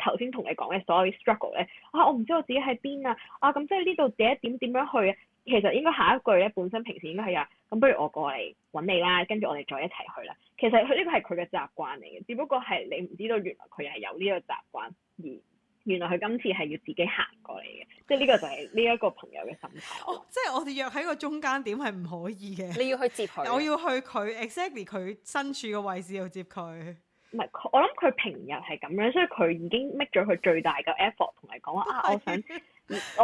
頭先同你講嘅所有 struggle 咧，啊！我唔知道自己喺邊啊！啊！咁、嗯、即係呢度第一點點樣去？其實應該下一句咧，本身平時應該係啊，咁不如我過嚟搵你啦，跟住我哋再一齊去啦。其實佢呢個係佢嘅習慣嚟嘅，只不過係你唔知道原來佢係有呢個習慣先。原來佢今次係要自己行過嚟嘅，即係呢個就係呢一個朋友嘅心態。 *laughs* 哦，即係我哋約喺個中間點係唔可以嘅。你要去接佢，我要去佢，exactly 佢身處個位置去接佢。唔係，我諗佢平日係咁樣，所以佢已經 make 咗佢最大嘅 effort，同埋講話啊，我想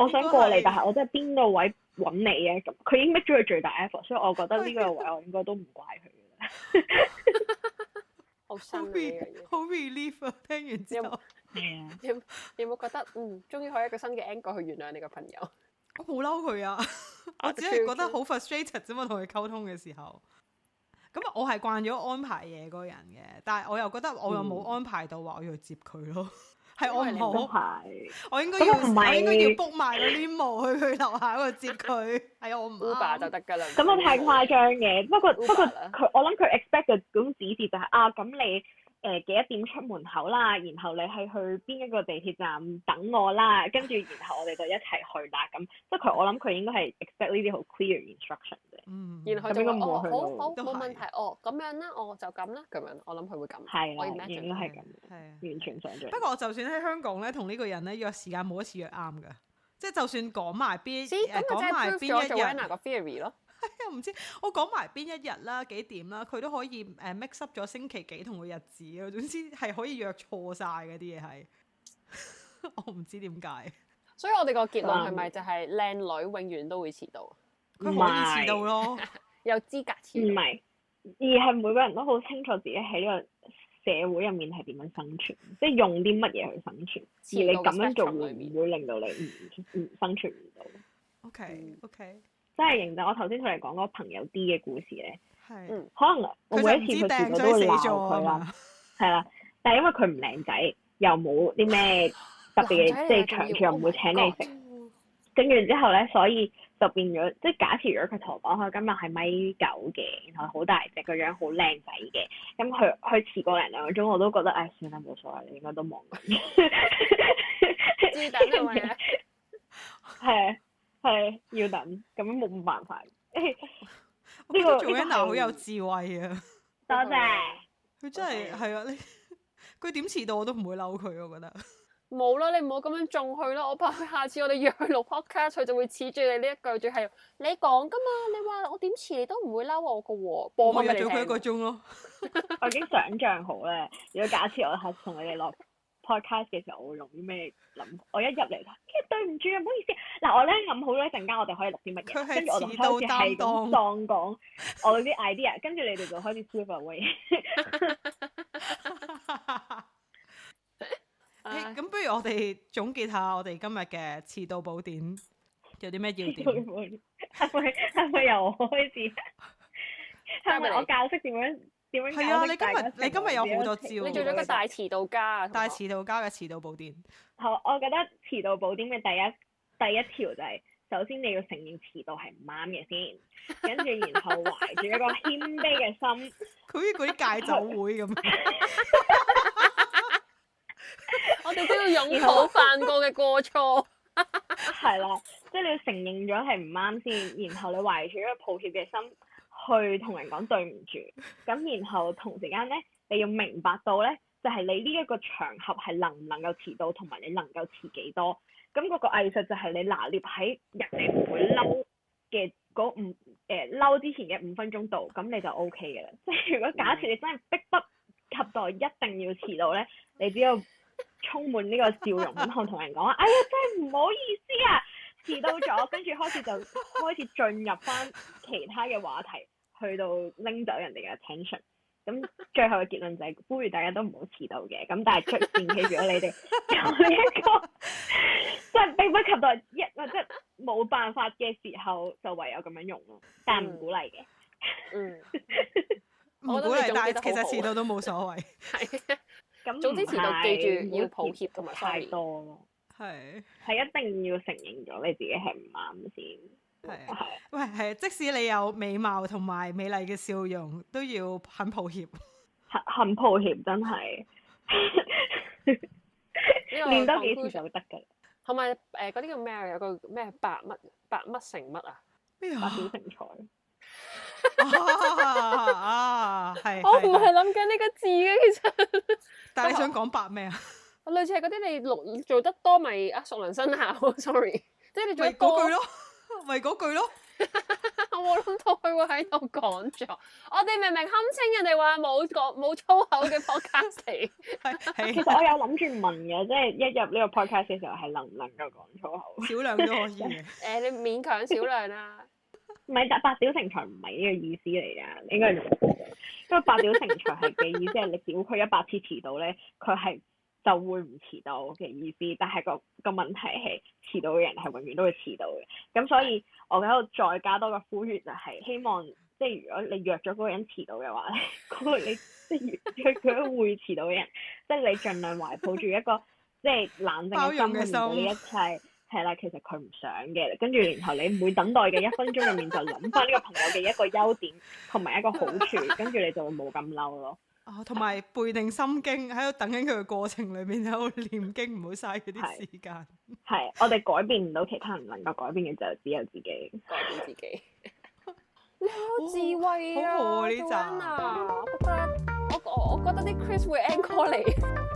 我想過嚟，但係我都係邊個位揾你嘅？咁佢已經 make 咗佢最大 effort，所以我覺得呢個位我應該都唔怪佢。好心美嘅， *laughs* 好 relief 啊，聽完之後。不 *laughs* Yeah. 有有冇覺得嗯，終於可以一個新嘅 angle 去原諒你個朋友？我好嬲佢啊， *laughs* 我只係覺得好 frustrated 啫嘛，同佢溝通嘅時候。咁、嗯、啊，我係慣咗安排嘢嗰個人嘅，但係我又覺得我又冇安排到話我要去接佢咯，係 *laughs* 我唔好排，我應該要我應該要 book 埋個 limo 去去樓下嗰度接佢。係啊，我唔好，就得噶啦。咁啊，太誇張嘅，不過不過佢我諗佢 expect 嘅嗰種指示就係、是、啊，咁、啊、你。誒幾多點出門口啦？然後你去去邊一個地鐵站等我啦？跟住然後我哋就一齊去啦。咁即係佢，我諗佢應該係 expect 呢啲好 clear instruction 嘅。嗯，然後佢應該冇去到問題，哦，咁樣啦，我就咁啦，咁樣，我諗佢會咁。係啊，應該係咁。係啊，完全想象。不過我就算喺香港咧，同呢個人咧約時間冇一次約啱㗎。即係就算講埋邊，講埋邊一日。b a y theory 咯。又唔 *laughs* 知，我講埋邊一日啦，幾點啦，佢都可以誒 mix up 咗星期幾同個日子啊。總之係可以約錯晒嘅，啲嘢係， *laughs* 我唔知點解。所以我哋個結論係咪就係、是、靚、嗯、女永遠都會遲到？佢可以遲到咯， *laughs* 有資格遲到。 *laughs* 而係每個人都好清楚自己喺個社會入面係點樣生存，即係用啲乜嘢去生存。到而你咁樣做會唔會令到你唔唔生存唔到？O K O K。 *laughs* okay, okay. 真係型就，我頭先同你講個朋友啲嘅故事咧，嗯，可能我每一次佢全部都會鬧佢啦，係啦嗎，但係因為佢唔靚仔，又冇啲咩特別嘅，即係長處又唔會哪請你食，跟住之後咧，所以就變咗，即係假設咗佢台灣，佢今日係米九嘅，然後好大隻，個樣好靚仔嘅，咁佢佢遲過嚟兩個鐘，我都覺得，唉、哎，算啦，冇所謂，你應該都忘記，知係要等，咁樣冇辦法。呢個 Joana 好有智慧啊！是 *laughs* 多謝佢 *laughs* 真係的係 *laughs* 啊，你佢點遲到我都唔會嬲佢，我覺得。冇啦，你唔好咁樣縱佢啦，我怕佢下次我哋約佢錄 podcast，佢就會恃住你呢一句，最係你講噶嘛，你話我點遲你都唔會嬲我噶喎。我約咗佢一個鐘咯、哦， *laughs* *laughs* 我已經想象好咧。如果假設我係同你哋錄 podcast 嘅時候，我會用啲咩諗？我一入嚟，跟、欸、住對唔住，唔好意思。我咧諗好咗一陣間，我哋可以錄啲乜嘢？跟住我到，開始係講我啲 idea，跟住你哋就開始 slip away 咁不如我哋總結下我哋今日嘅遲到寶典有啲咩要點？係咪，係咪由我開始？係咪我教識點樣點樣？係啊！你今日，你今日有好多招，你做咗個大遲到家，大遲到家嘅遲到寶典。好，我覺得遲到寶典嘅第一。第一條就係，首先你要承認遲到係唔啱嘅先，跟住然後懷住一個謙卑嘅心，佢佢戒酒會咁， *laughs* *laughs* *laughs* *laughs* 我哋都要擁抱犯過嘅過錯，係 *laughs* 啦，即係你要承認咗係唔啱先，然後你懷住一個抱歉嘅心去同人講對唔住，咁然後同時間咧，你要明白到咧，就係你呢一個場合係能唔能夠遲到，同埋你能夠遲幾多。咁嗰個藝術就係你拿捏喺人哋唔會嬲嘅嗰五誒嬲、欸、之前嘅五分鐘度，咁你就 O K 嘅啦。即 *laughs* 係如果假設你真係逼不及待一定要遲到咧，你只要充滿呢個笑容，咁同同人講話：哎呀，真係唔好意思啊，遲到咗，跟住開始就開始進入翻其他嘅話題，去到拎走人哋嘅 attention。咁 *laughs* 最後嘅結論就係、是、呼籲大家都唔好遲到嘅，咁但係出怨氣住咗你哋有一個，即係 *laughs* *laughs* *laughs* 迫不及待一，即係冇辦法嘅時候就唯有咁樣用咯，但係唔鼓勵嘅、 *laughs* 嗯。嗯，唔鼓勵， *laughs* 但其實遲到都冇所謂。係，咁總之遲到記住要抱歉同埋 *laughs* 太多咯。係是，係一定要承認咗你自己係唔啱先。係，喂，係，即使你有美貌同埋美麗嘅笑容，都要很抱歉，很抱歉，真係練得幾條就得㗎。同埋誒，嗰、呃、啲叫咩啊？有句咩百乜百乜成乜啊？咩啊？表情彩啊，係我唔係諗緊呢個字嘅，其實。 *laughs* 但係想講百咩啊？哦、類似係嗰啲你錄做得多咪、就是、啊，熟能生巧。Sorry，即係 *laughs* 你做多 *laughs* 句咯。咪嗰句咯， *laughs* 我冇諗到佢會喺度講咗。我哋明明堪稱人哋話冇講冇粗口嘅 podcast，係 *laughs* *laughs* 其實我有諗住問嘅，即係一入呢個 podcast 嘅時候，係能唔能夠講粗口？ *laughs* 少量都可以嘅、 *laughs* *laughs* 欸。你勉強少量啦。唔 *laughs* 係， *laughs* 百百小成才唔係呢個意思嚟㗎。應該係因為八小成才係幾意思？係你小佢一百次遲到咧，佢係，就會唔遲到嘅意思，但係個個問題係遲到嘅人係永遠都會遲到嘅。咁所以我喺度再加多個呼籲就係、是、希望，即係如果你約咗嗰個人遲到嘅話咧，嗰、那個你 *laughs* 即係約佢會遲到嘅人， *laughs* 即係你盡量懷抱住一個即係冷靜嘅心去面對一切。包係啦，其實佢唔想嘅，跟住然後你每等待嘅一分鐘入面就諗返呢個朋友嘅一個優點同埋一個好處，跟住你就會冇咁嬲咯。啊，同埋、哦、背定心經喺度等緊佢嘅過程裏邊，喺度念經，唔好嘥佢啲時間。係，我哋改變唔到其他人能夠改變嘅，就只有自己改變自己。你好智慧啊！哦、好好啊呢集。 *music* *music* 我我我覺得啲 Chris 會 endcall 你。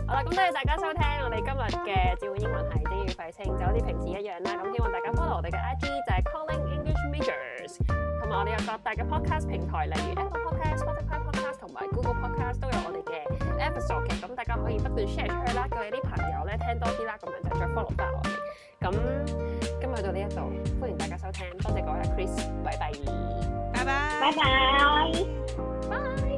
好啦，咁多謝大家收聽我哋今日嘅《召喚英文》係丁月費清，就好似平時一樣啦。咁希望大家 follow 我哋嘅 IG 就係 Calling English Majors，同埋我哋有各大嘅 podcast 平台，例如 Apple Podcast、Spotify Podcast 同埋 Google Podcast 都有我哋嘅 Episode 嘅。咁大家可以不斷 share 出去啦，叫你啲朋友咧聽多啲啦，咁樣就再 follow 翻我哋。咁今日到呢一度，歡迎大家收聽，多謝各位 Chris，拜拜，拜拜，拜拜，拜。